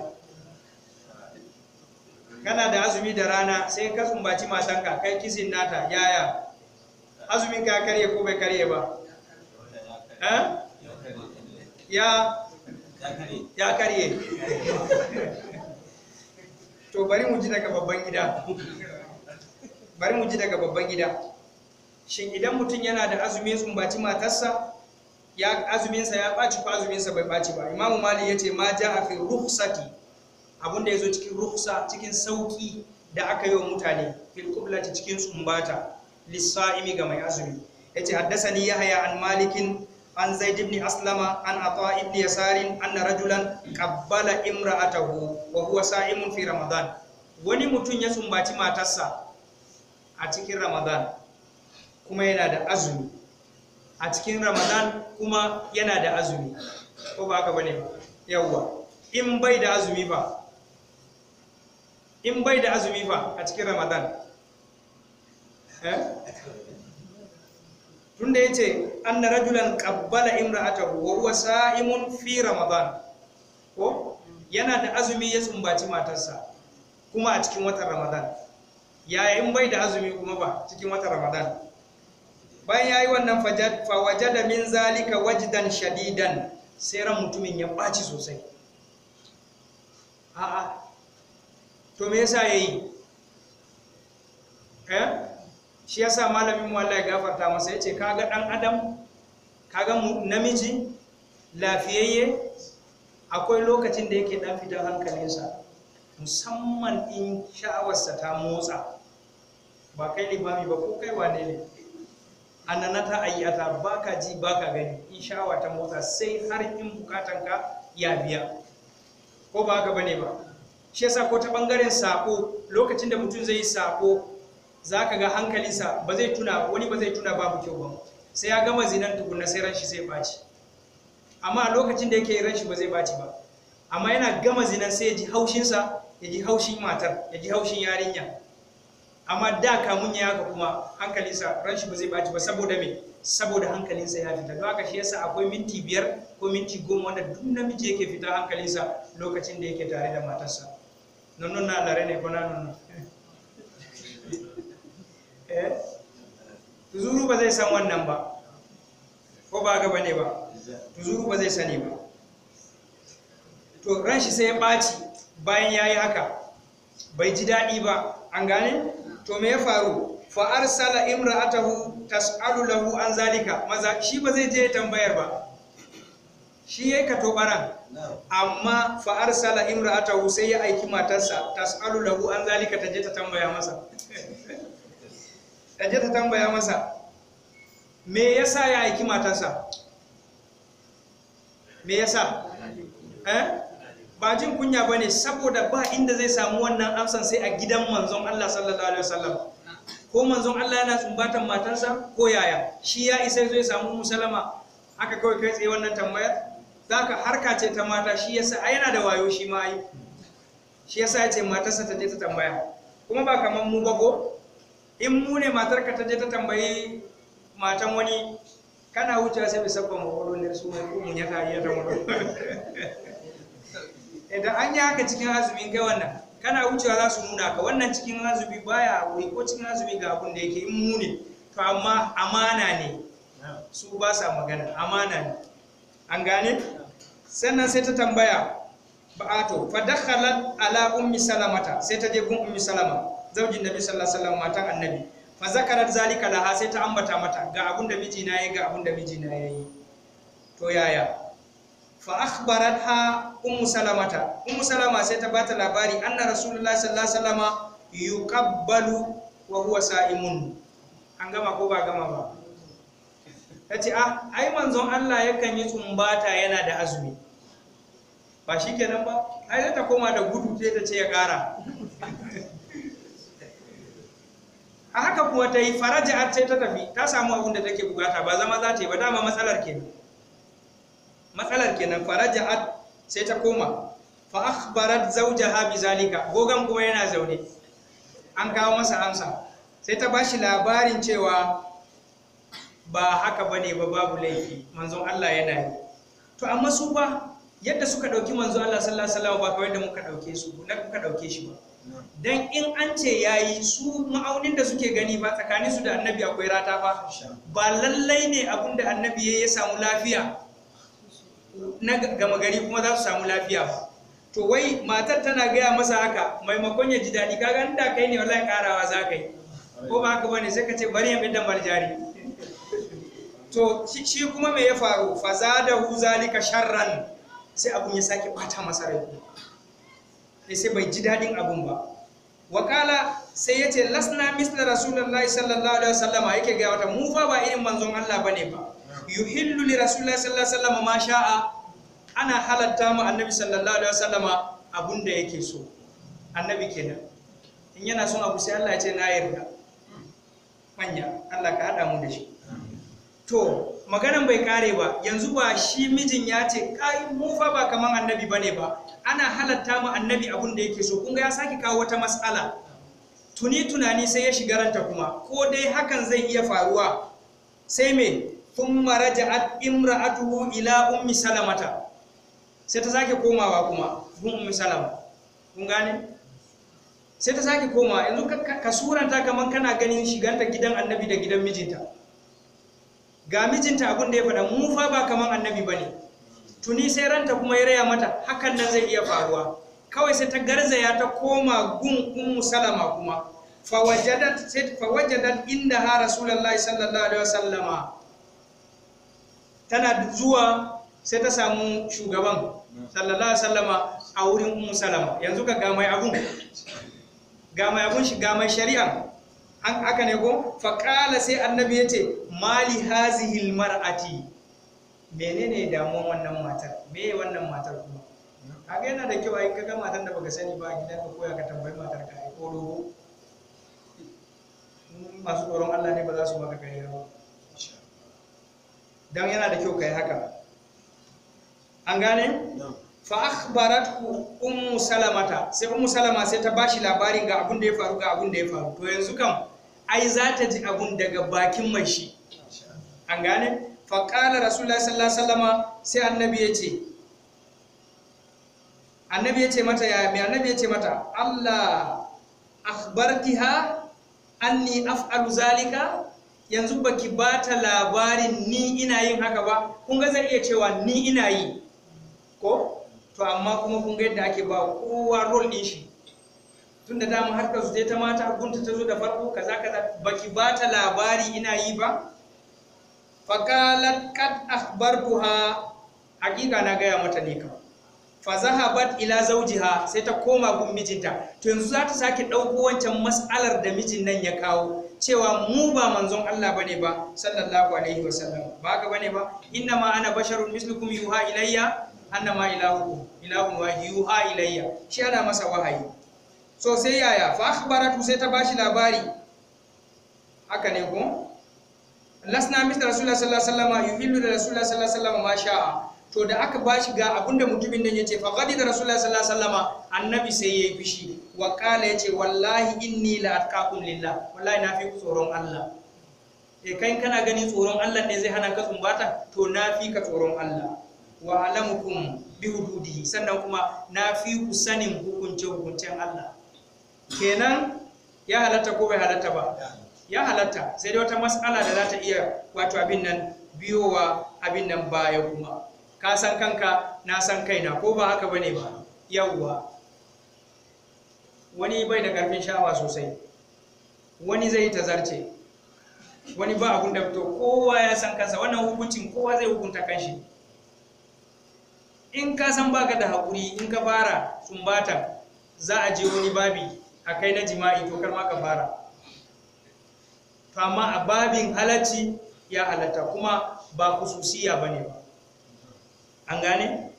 kana da azumi da rana sai ka sumbaci matanka kai kisin nata yaya azumin ka karye ko bai karye ba eh? ya ya karye to bari mu ji daga babban gida bari mu ji daga babban gida shin idan mutum yana da azumi sumbaci matarsa ya azuminsa ya baci ko azuminsa bai baci ba imamu malik yace ce ma ja a fi ruhsati abinda ya zo cikin ruhsa cikin sauƙi da aka yi wa mutane fil kublati cikin sumbata lissa'imi ga mai azumi Yace ce ni ya haya an malikin an zaid ibn aslama an ata ibn yasarin anna rajulan qabbala imra'atahu wa huwa sa'imun fi ramadan wani mutum ya sumbaci matarsa a cikin ramadan kuma yana da azumi a cikin ramadan kuma yana da azumi ko ba haka ba ne yawwa in bai da azumi ba in bai da azumi ba a cikin ramadan eh? tunda ya ce an na rajulan ƙabbala imra'atahu wa huwa sa'imun fi ramadan ko yana da azumi ya sumbaci matarsa kuma a cikin watan ramadan yayin bai da azumi kuma ba cikin watan ramadan bayan ya yi wannan da min zalika wajidan shadidan sai ran mutumin ya ɓaci sosai a'a to me yasa ya yi eh shi yasa malamin wallah ya gafarta masa ya ce kaga ɗan adam kaga namiji lafiyayye akwai lokacin da yake ɗan fitar hankalinsa musamman in sha'awarsa ta motsa ba kai limami ba ko kai wane ne annanata ayyata baka ji baka gani in shawa ta motsa sai har in bukatan ka ya biya ko ba haka bane ba shi yasa ko ta bangaren sako lokacin da mutum zai yi sako zaka ga hankalinsa ba zai tuna wani ba zai tuna babu kyau ba sai ya gama zinan tukunna sai ran shi sai baci amma a lokacin da yake ran shi ba zai baci ba amma yana gama zinan sai ya ji haushinsa ya ji haushin matar ya ji haushin yarinya amma da kamun ya haka kuma hankalinsa ran shi ba zai baci ba saboda me saboda hankalinsa ya fita don haka shi yasa akwai minti biyar ko minti goma wanda duk namiji yake fita hankalinsa lokacin da yake tare da matarsa nonon na lare ne ko na nonnon eh tuzuru ba zai san wannan ba ko ba ga bane ba tuzuru ba zai sani ba to ran shi sai ya ɓaci bayan ya yi haka bai ji daɗi ba an gane to me ya faru fa arsala imra'atahu tas'alu lahu an zalika maza shi ba zai je tambayar ba shi yayi ka tobaran amma fa arsala imra'atahu sai ya aiki matarsa tas'alu lahu an zalika taje ta tambaya masa taje ta tambaya masa me yasa ya aiki matarsa me yasa eh ba jin kunya ba ne saboda ba inda zai samu wannan amsan sai a gidan manzon Allah sallallahu alaihi wasallam ko manzon Allah yana sumbatan matansa ko yaya shi ya isa zai samu musalama aka kawai kai tsaye wannan tambayar zaka harka ce ta mata shi yasa ai yana da wayo shi ma ai shi yasa ya ce matarsa ta je ta tambaya kuma ba kamar mu ba ko in mu ne matarka ta je ta tambayi matan wani kana wucewa sai bai sabba mu kodon da su mai kuma ya ta iya ta da an yi haka cikin azumin kai wannan kana wucewa za su nuna ka wannan cikin azumi baya wuri ko cikin azumi ga abin da yake in mu ne to amma amana ne su ba sa magana amana ne an gane sannan sai ta tambaya ba'ato fa dakhalat ala ummi salamata sai ta je gun ummi salama zaujin nabi sallallahu alaihi wasallam matan annabi fa zakarat zalika laha sai ta ambata mata ga abin da miji na yayi ga abin da miji na yayi to yaya fa ها أم salamata أم salama sai ta bata labari anna صلى الله عليه وسلم يقبل وهو سائم sa'imun an gama ko ba gama ba ah, ai manzon Allah yakan yi tsumbata yana da azumi ba nan ba ai ta koma da gudu sai ta ce ya kara a haka kuwa ta yi faraja ce ta tafi ta samu abin da take bukata ba zama za ta yi ba dama matsalar kenan matsalar kenan faraja'at sai ta koma fa akhbarat zawjaha zalika, gogan kuma yana zaune an kawo masa amsa sai ta bashi labarin cewa ba haka bane ba babu laifi manzon Allah yana yi to amma su ba yadda suka dauki manzon Allah sallallahu alaihi wasallam ba kamar yadda muka dauke su na kuka dauke shi ba dan in an ce yayi su ma'aunin da suke gani ba tsakanin su da annabi akwai rata fa? ba lallai ne abinda annabi ya samu lafiya na gama gari kuma za su samu lafiya ba to wai matar tana gaya masa haka maimakon ya ji daɗi ka gani da kai ne wallahi karawa za ka yi ko ba haka bane sai ka ce bari ya bi damar jari to shi kuma me ya faru hu zalika sharran sai abun ya sake bata masa rai sai sai bai ji daɗin abun ba wakala sai yace ce lasna misla rasulullahi sallallahu alaihi wasallama yake gaya wata mu fa ba irin manzon Allah bane ba yuhillu li rasulillahi sallallahu alaihi wasallam ma sha'a ana halatta mu annabi sallallahu alaihi wasallama abun da yake so annabi kenan in yana son abu sai Allah ya ce na yarda manya Allah ka hada mu da shi to maganan bai kare ba yanzu ba shi mijin ya ce kai mu fa ba kaman annabi bane ba ana halatta mu annabi abun da yake so kun ga ya saki kawo wata mas'ala tuni tunani sai ya shiga ranta kuma ko dai hakan zai iya faruwa sai me thumma raja'at imra'atuhu ila ummi salamata sai ta sake komawa kuma gun ummi salama kun gane sai ta sake komawa yanzu ka suranta kaman kana ganin shiganta gidan annabi da gidan mijinta ga mijinta abin da ya faɗa mu fa ba kaman annabi bane tuni sai ranta kuma ya raya mata hakan nan zai iya faruwa kawai sai ta garzaya ta koma gun ummi salama kuma fawajadat sai fawajadat inda ha rasulullahi sallallahu alaihi wasallama tana zuwa sai ta samu shugaban sallallahu alaihi wasallama a wurin ummu salama yanzu ka ga mai abun ga mai abun shi ga mai shari'a an aka ne ko fa qala sai annabi yace mali hazihi almar'ati menene damuwan wannan matar me wannan matar kuma kaga yana da kyau ai kaga matar da baka sani ba gidan ka koya ka tambayi matar ka ai ko dogo masu tsoron Allah ne ba za su maka kai ba Dan yana da kyau ka yi haka an gane fa akhbarat ummu salamata sai ummu salama sai ta bashi labarin ga abun da ya faru ga abun da ya faru to yanzu kam ai za ta ji abun daga bakin mai shi an gane fa qala rasulullahi sallallahu alaihi wasallama sai annabi ya ce annabi ya ce mata ya mai annabi ya ce mata Allah akhbartiha anni af'alu zalika yanzu baki bata labarin ni ina yin haka ba kun ga zai iya cewa ni ina yi ko to amma kuma kun ga yadda ake ba kowa role din shi Tunda dama har je ta mata gunta ta zo da farko kaza kaza baki ba ta labari ina yi ba faqalat qad akhbartuha hakika na gaya mata ne ka fa zahabat ila zawjiha sai ta koma gun mijinta to yanzu za ta sake dauko wancan mas'alar da mijin nan ya kawo cewa mu ba manzon Allah bane ba sallallahu alaihi wasallam ba ga bane ba inna ma ana basharun mislukum yuha ilayya ma ilahukum ilahun wa yuha ilayya shi ana masa wahayi so sai yaya fa akhbaratu sai ta bashi labari haka ne ko lasna mislu rasulullahi sallallahu alaihi wasallam yuhillu da sallallahu alaihi wasallam ma sha'a to da aka bashi ga abinda mutumin nan yace fa ghadi da sallallahu alaihi wasallam annabi sai yayi fishi wa ya ce, wallahi inni la atqakum lillah wallahi na fi tsoron Allah e kai kana ganin tsoron Allah ne zai hana ka tsumbata to na fi ka tsoron Allah wa alamukum bi hududihi sannan kuma na fi ku sanin hukunce hukuncen Allah kenan ya halatta ko bai halatta ba ya halatta sai dai wata mas'ala da za ta iya wato abin nan biyowa abin nan baya kuma ka san kanka na san kaina ko ba haka bane ba yawwa wani bai da karfin sha'awa sosai wani zai ta zarce wani ba abun da fito kowa ya san kansa wannan hukuncin kowa zai hukunta kanshi in ka san baka da haƙuri in ka fara sumbata za a je wani babi a kai na jima'i to kar ma ka fara to amma a babin halacci ya halatta kuma ba kususiya bane ba an gane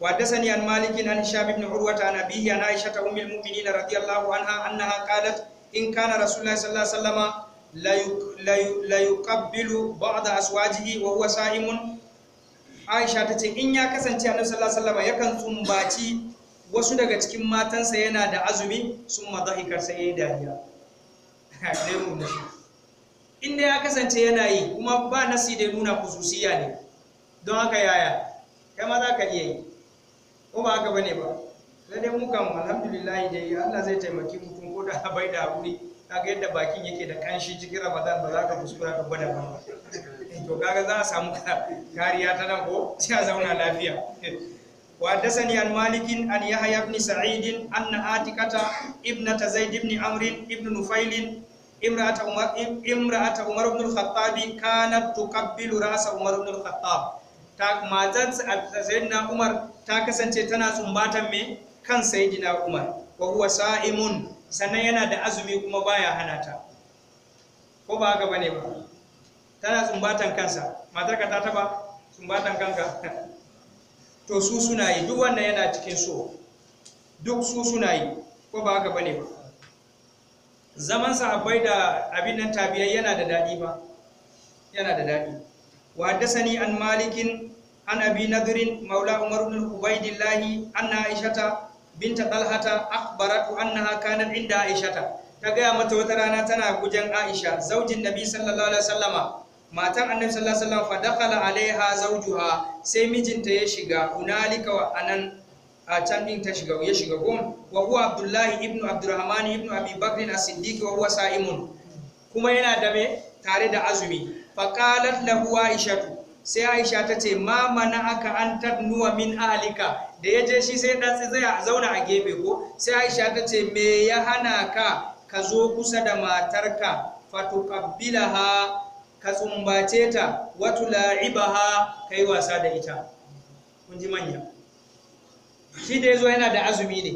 وحدثني عن مالك عن هشام بن عروة عن أبيه عن عائشة أم المؤمنين رضي الله عنها أنها قالت إن كان رسول الله صلى الله عليه وسلم لا يقبل بعض أزواجه وهو صائم Aisha ta ce in ya kasance Annabi sallallahu alaihi yakan sumbaci wasu daga cikin matansa yana da azumi sun madahikar sa yayi dariya. Inda ya kasance yana yi kuma ba nasi da nuna khususiya ne. Don haka yaya kai ma za ka iya yi. ko ba haka bane ba dai mu kam alhamdulillah dai Allah zai taimaki mutum ko da bai da wuri kaga yadda bakin yake da kanshi cikin Ramadan ba za ka kuskura ka gwada ba to kaga za a samu kariya ta nan ko sai a zauna lafiya وحدثني عن مالك عن يحيى بن سعيد أن آتكة ابنة زيد بن عمرو بن نفيل امرأة عمر امرأة عمر بن الخطاب كانت تقبل رأس عمر بن matar sayyidina umar ta kasance tana tsumbatan me kan sayyidina umar wa huwa sa'imun sannan yana da azumi kuma baya hana ta ko ba haka bane ba tana tsumbatan kansa matar ka ta taba tsumbatan kanka to su suna yi duk wannan yana cikin so duk su suna yi ko ba haka bane ba zaman sahabbai da abin nan tabiyai yana da daɗi ba yana da daɗi وحدثني عن مالك عن أبي نذر مولى عمر بن عبيد الله أن عائشة بنت طلحة أخبرت أنها كانت عند عائشة تجاه متوترانا تنا بجن عائشة زوج النبي صلى الله عليه وسلم matan annabi sallallahu alaihi wasallam fadakhala alaiha zawjuha sai mijinta ya shiga hunalika wa anan a can din ta shiga ya shiga gon wa huwa abdullahi ibnu abdurrahman ibnu abi bakr as-siddiq wa huwa sa'imun kuma yana da me tare da azumi faƙalar lahu aishatu sai aisha ta ce ma mana aka an tadnuwa min ahalika da ya je shi sai dan zai zauna a gefe ko sai aisha ta ce me ya hana ka ka zo kusa da matarka ha, ka tsumbace ta watu la'ibaha kai wasa da ita kun ji manya shi da ya zo yana da azumi ne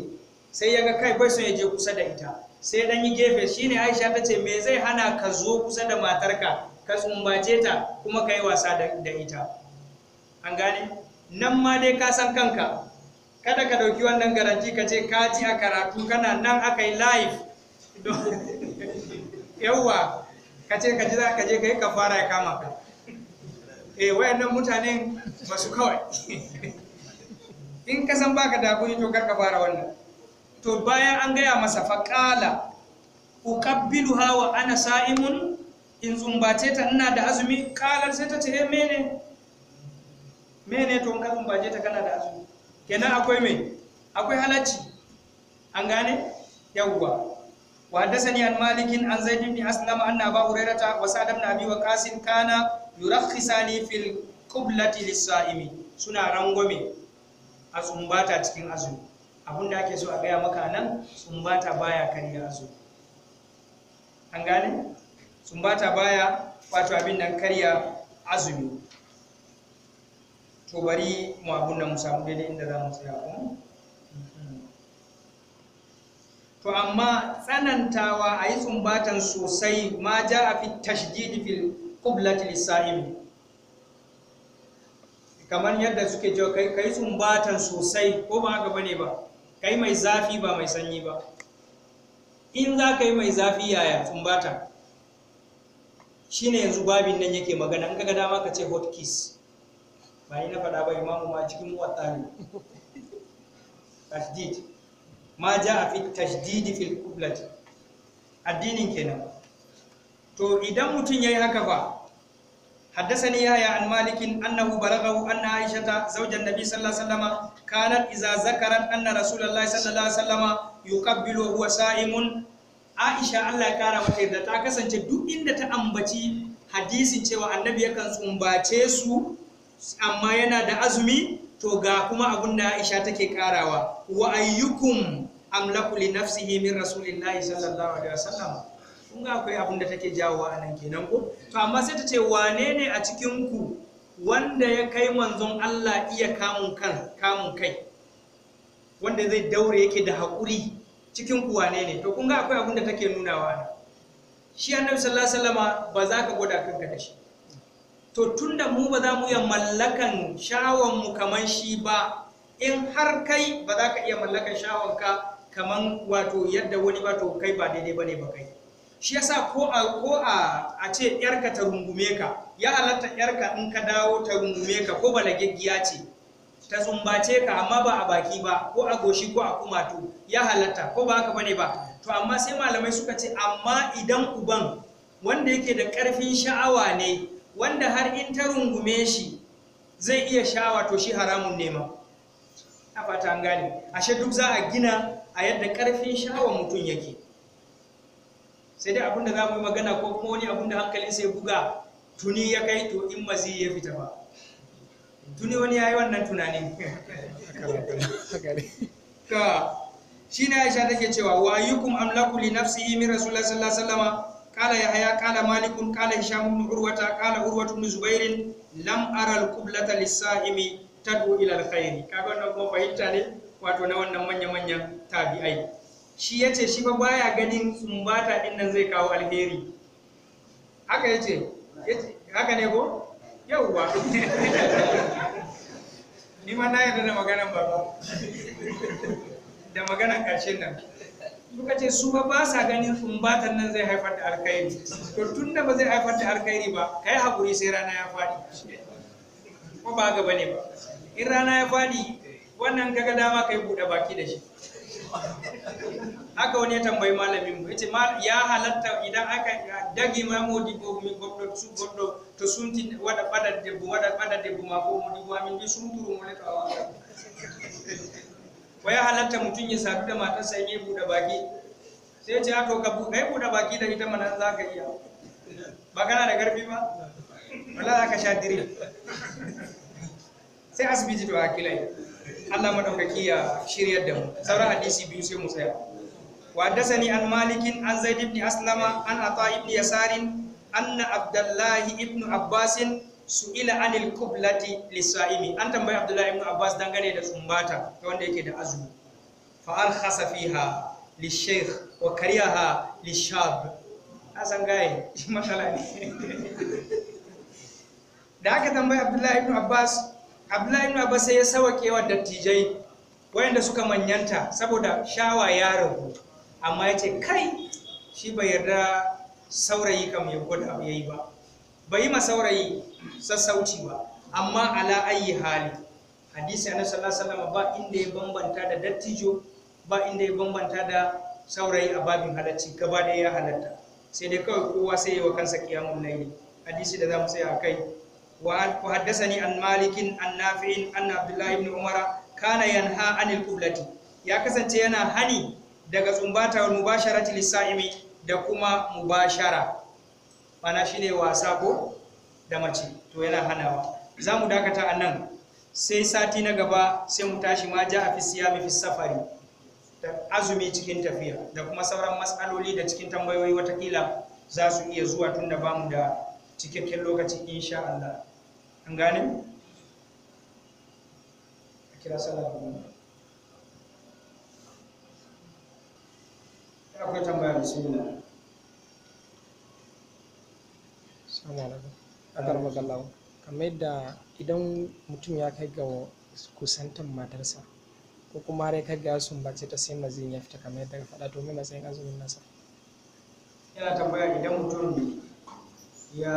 sai ya ga kai bai ya je kusa da ita sai dan yi gefe shine aisha ta ce me zai hana ka zo kusa da matarka ka sumbace ta kuma ka yi wasa da ita an gane nan ma dai ka san kanka kada ka ɗauki wannan garanti ka ce ka ji a karatu kana nan aka yi live yawwa ka ce ka ji za ka je ka yi ka fara ya kama ka eh wayannan mutanen ba su kawai in ka san baka da hakuri to kar ka fara wannan to bayan an gaya masa faƙala uqabbiluha wa ana sa'imun in zumbace ta ina da azumi kalar sai ta ce eh mene mene to in ka zumbace ta kana da azumi kenan akwai mai akwai halacci an gane yawwa malikin an zaid عن aslam anna ba ان ابا هريره وسعد بن ابي kana كان يرخصان fil القبلة للصائم suna rangome a zumbata cikin azumi Abun da ake so a gaya maka nan zumbata baya karya azumi an gane sumbata baya wato abin nan karya azumi to bari mu abun nan mu samu daidai inda za mu tsaya kun to amma tsanantawa a yi sumbatan sosai ma ja a fi tashdidi fil qublati lisa'im kamar yadda suke cewa kai kai sumbatan sosai ko ba haka bane ba kai mai zafi ba mai sanyi ba in za ka yi mai zafi yaya sumbata ne yanzu babin nan yake magana in kaga dama ka ce hot kiss ba ni na faɗa ba imamu ma cikin muwatta ne tashdid ma ja a fi tashdid fil kublat addinin kenan to idan mutum yayi haka fa حدثني يحيى عن مالك انه بلغه ان عائشه زوج النبي صلى الله عليه وسلم كانت اذا ذكرت ان رسول الله صلى الله عليه وسلم يقبل وهو صائم Aisha Allah ya kara mata yadda ta kasance duk inda ta ambaci hadisin cewa annabi yakan tsumbace su amma yana da azumi to ga kuma abin da Aisha take karawa wa ayyukum amlaku li nafsihi min rasulillahi sallallahu alaihi wasallam kun ga akwai abin da take jawowa a nan kenan ko to amma sai ta ce wane ne a cikin ku wanda ya kai manzon Allah iya kamun kan kamun kai wanda zai daure yake da haƙuri cikin ku wane ne to kun ga akwai abin da take nunawa shi annabi sallallahu alaihi wasallama ba za ka gwada kanka da shi to tunda mu ba za mu iya mallakan shawon mu kaman shi ba in har kai ba za ka iya mallakan shawon ka kaman wato yadda wani ba to kai ba daidai bane ba kai shi yasa ko a ko a a ce yarka ta rungume ka ya alatta yarka in ka dawo ta rungume ka ko balagaggiya ce ta sumbace ka amma ba a baki ba ko a goshi ko a kumatu ya halatta ko ba haka bane ba to amma sai malamai suka ce amma idan uban wanda yake da karfin sha'awa ne wanda har in ta rungume shi zai iya sha'awa to shi haramun nema a fata an gane ashe duk za a gina a yadda karfin sha'awa mutum yake sai dai abinda za mu yi magana ko kuma wani abinda hankalinsa ya buga tuni ya kai to in mazi ya fita ba tuni wani ya yi wannan tunanin? ka shi na aisha take cewa wa ayyukum amlaku li nafsihi min rasulullah sallallahu alaihi wasallam qala yahya qala malikun qala hisham ibn urwata qala urwatu ibn zubairin lam ara al-qiblata lis-sa'imi tad'u ila al wannan kuma fahimta ne wato na wannan manya manyan tabi'ai shi yace shi ba baya ganin sumbata din nan zai kawo alheri haka yace haka ne ko yauwa ni ma na yarda da maganan baba da maganan ƙarshen nan muka ce su ba sa ganin umbatan nan zai haifar da alkhairi to tun da ba zai haifar da alkhairi ba kai hakuri sai rana ya faɗi ko ba gaba ne ba in rana ya faɗi wannan kaga dama kai buɗe baki da shi haka wani ya tambayi malamin mu yace ya halatta idan aka dage ma di ko min goddo su goddo to sunti wada bada debbo wada bada bu ma ko di ko amin bi turu mu le to wa waya halatta mutun ya sadu da matarsa in ya buɗa baki sai yace to ka kai buɗe baki da ita mana za ka iya ba kana da garbi ba wala za ka sha dire sai asibiti to akilai Allah madaukaki ya shiryar da mu sauran hadisi biyu sai mu tsaya wa dasani an malikin an zaid ibn aslama an ata ibn yasarin anna abdullah ibn abbas su'ila anil qiblati lisa'imi an tambayi abdullah ibn abbas dangane da sumbata ta wanda yake da azumi fa al khasa fiha lishaykh wa kariyaha lishab asan gaye mashala da aka tambayi abdullah ibn abbas abdullahi ibn abbas sai ya sauke wa dattijai wayanda suka manyanta saboda shawa ya rabu amma yace kai shi bai yarda saurayi kam ya gwada yayi ba bai ma saurayi sassauci ba amma ala ayi hali hadisi annabi sallallahu alaihi wasallam ba inda ya bambanta da dattijo ba inda ya bambanta da saurayi a babin halacci gaba da ya halatta sai dai kawai kowa sai ya wa kansa kiyamun nayi hadisi da zamu mu a kai وحدثني عن مالك عن نافع أن عبد الله بن عمر كان ينهى عن القبلة يا كسنت ينا هني daga tsumbatawar wal mubasharati lisa'imi da kuma mubashara mana shine wasa ko da mace to yana hanawa za mu dakata a nan sai sati na gaba sai mu tashi ma ja a fi siyami fi safari da azumi cikin tafiya da kuma sauran matsaloli da cikin tambayoyi watakila za su iya zuwa tun da bamu da cikakken lokaci insha Allah an gane a kira sallar ya akwai tambaya bismillah assalamu alaikum akaramakallahu kamar yadda idan mutum ya kai ga kusantan matarsa ko kuma rai kai ga sun bace ta sai mazin ya fita kamar yadda ka faɗa to mai matsayin azumin nasa yana tambaya idan mutum ya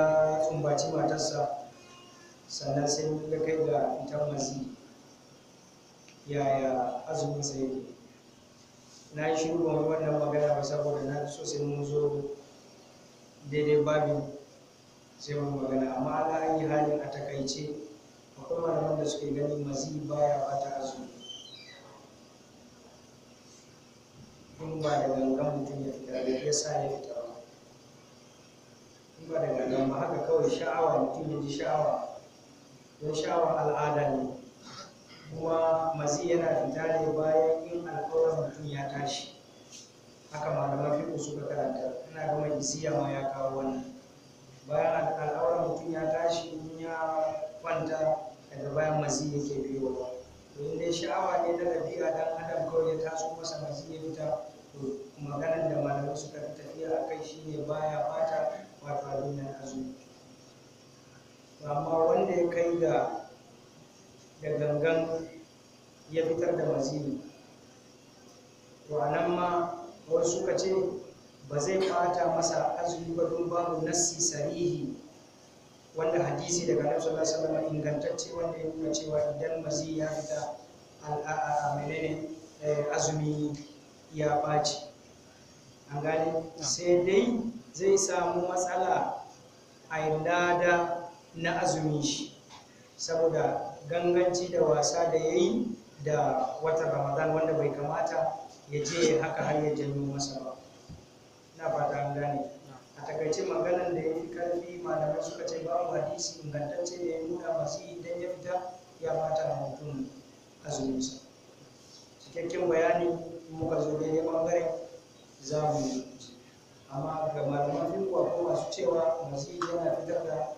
sumbaci matarsa sannan sai mun ga kai ga fitan mazi yaya azumin sa yake na yi shiru ban wannan magana ba saboda na so sai mun zo daidai babu sai mun magana amma ala an yi halin a takaice akwai malaman da suke ganin mazi baya fata azumi in ba da gangan mutum ya fita da ya sa ya fita ba in ba da gangan ba haka kawai sha'awa mutum ya ji sha'awa don shawar al'ada ne kuma mazi yana fita ne bayan in alƙawarin mutum ya tashi haka malaman fiƙo suka karanta ina ga mai isiya ma ya kawo wannan bayan al'auran mutum ya tashi in ya kwanta daga bayan mazi yake biyowa domin dai sha'awa ne na ɗabi'a dan adam kawai ya taso masa mazi ya fita maganar da malamai suka tafiya a kai shine baya fata wato abin nan azumi amma wanda ya kai da da gangan ya fitar da mazini to a ma wasu suka ce ba zai fata masa azumi ba don babu nassi sarihi wanda hadisi daga nan sallallahu alaihi wasallam ingantacce wanda ya nuna cewa idan mazi ya fita a menene eh, azumi ya baci an gane sai dai zai samu matsala a lada na azumin shi saboda ganganci da wasa da ya yi da watan ramadan wanda bai kamata ya je haka har ya janyo masa ba na fata an gane a takaice maganan da ya fi karfi malamai suka ce babu hadisi ingantacce da ya nuna masu idan ya fita ya fata mutum azumin sa. cikakken bayani muka zo daidai bangaren za mu yi amma ga malaman fiƙo ko masu cewa masu yana fitar da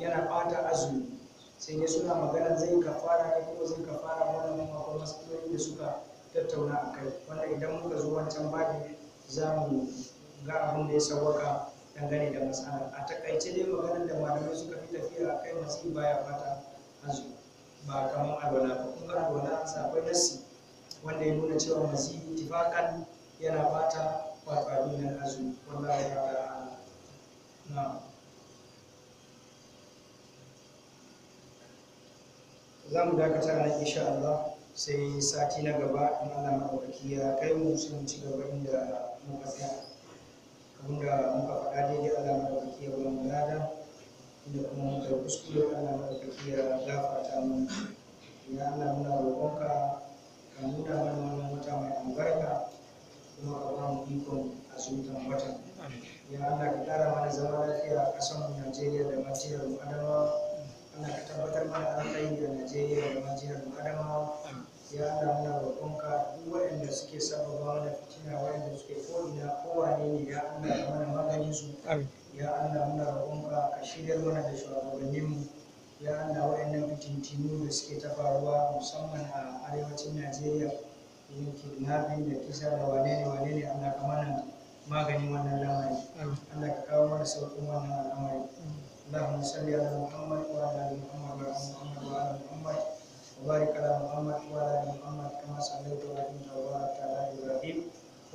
yana bata azumi sai dai suna magana zai kafara ne ko zai kafara wannan kuma matsaloli da suka tattauna a kai wanda idan muka zo wancan babi za mu ga abin da ya sauwaka dangane da masana a takaice dai maganar da malamai suka fi tafiya a kai masu yi baya fata azumi ba kamar alwala ba kuma alwala an akwai wanda ya nuna cewa yi tifakan yana bata wato abin nan azumi wallahi na za mu dakata a insha Allah sai sati na gaba in Allah maɗaukaki ya kai mu sun ci gaba inda muka tsaya kamar da muka faɗa daidai Allah maɗaukaki ya ba mu lada inda kuma muka yi kuskure Allah maɗaukaki ya gafarta mu ya Allah muna roƙonka ka nuna mana wannan wata mai albarka kuma ka ba mu ikon azumtan watan ya Allah ka ƙara mana zama lafiya a ƙasar Najeriya da Majiyar Adamawa Allah tabbatar mana alkhairi da Najeriya da majiyar Adamawa ya Allah muna roƙonka duk waɗanda suke sababa mana fitina waɗanda suke ko'ina kowane ne ya Allah ka mana maganin su ya Allah muna roƙonka ka mana da shugabanninmu ya Allah waɗannan fitintinu da suke ta faruwa musamman a arewacin Najeriya yin kidnapping da kisa da wane ne wane ne maganin wannan lamarin. kawo mana sauƙin wannan اللهم صل على محمد وعلى ال محمد وعلى محمد وعلى محمد وبارك على محمد وعلى ال محمد كما صليت وباركت وباركت على ابراهيم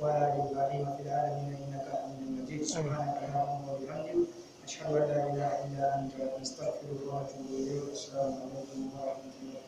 وعلى ال ابراهيم في العالمين انك حميد مجيد سبحانك اللهم وبحمدك اشهد ان لا اله الا انت استغفرك واتوب اليك السلام عليكم ورحمه الله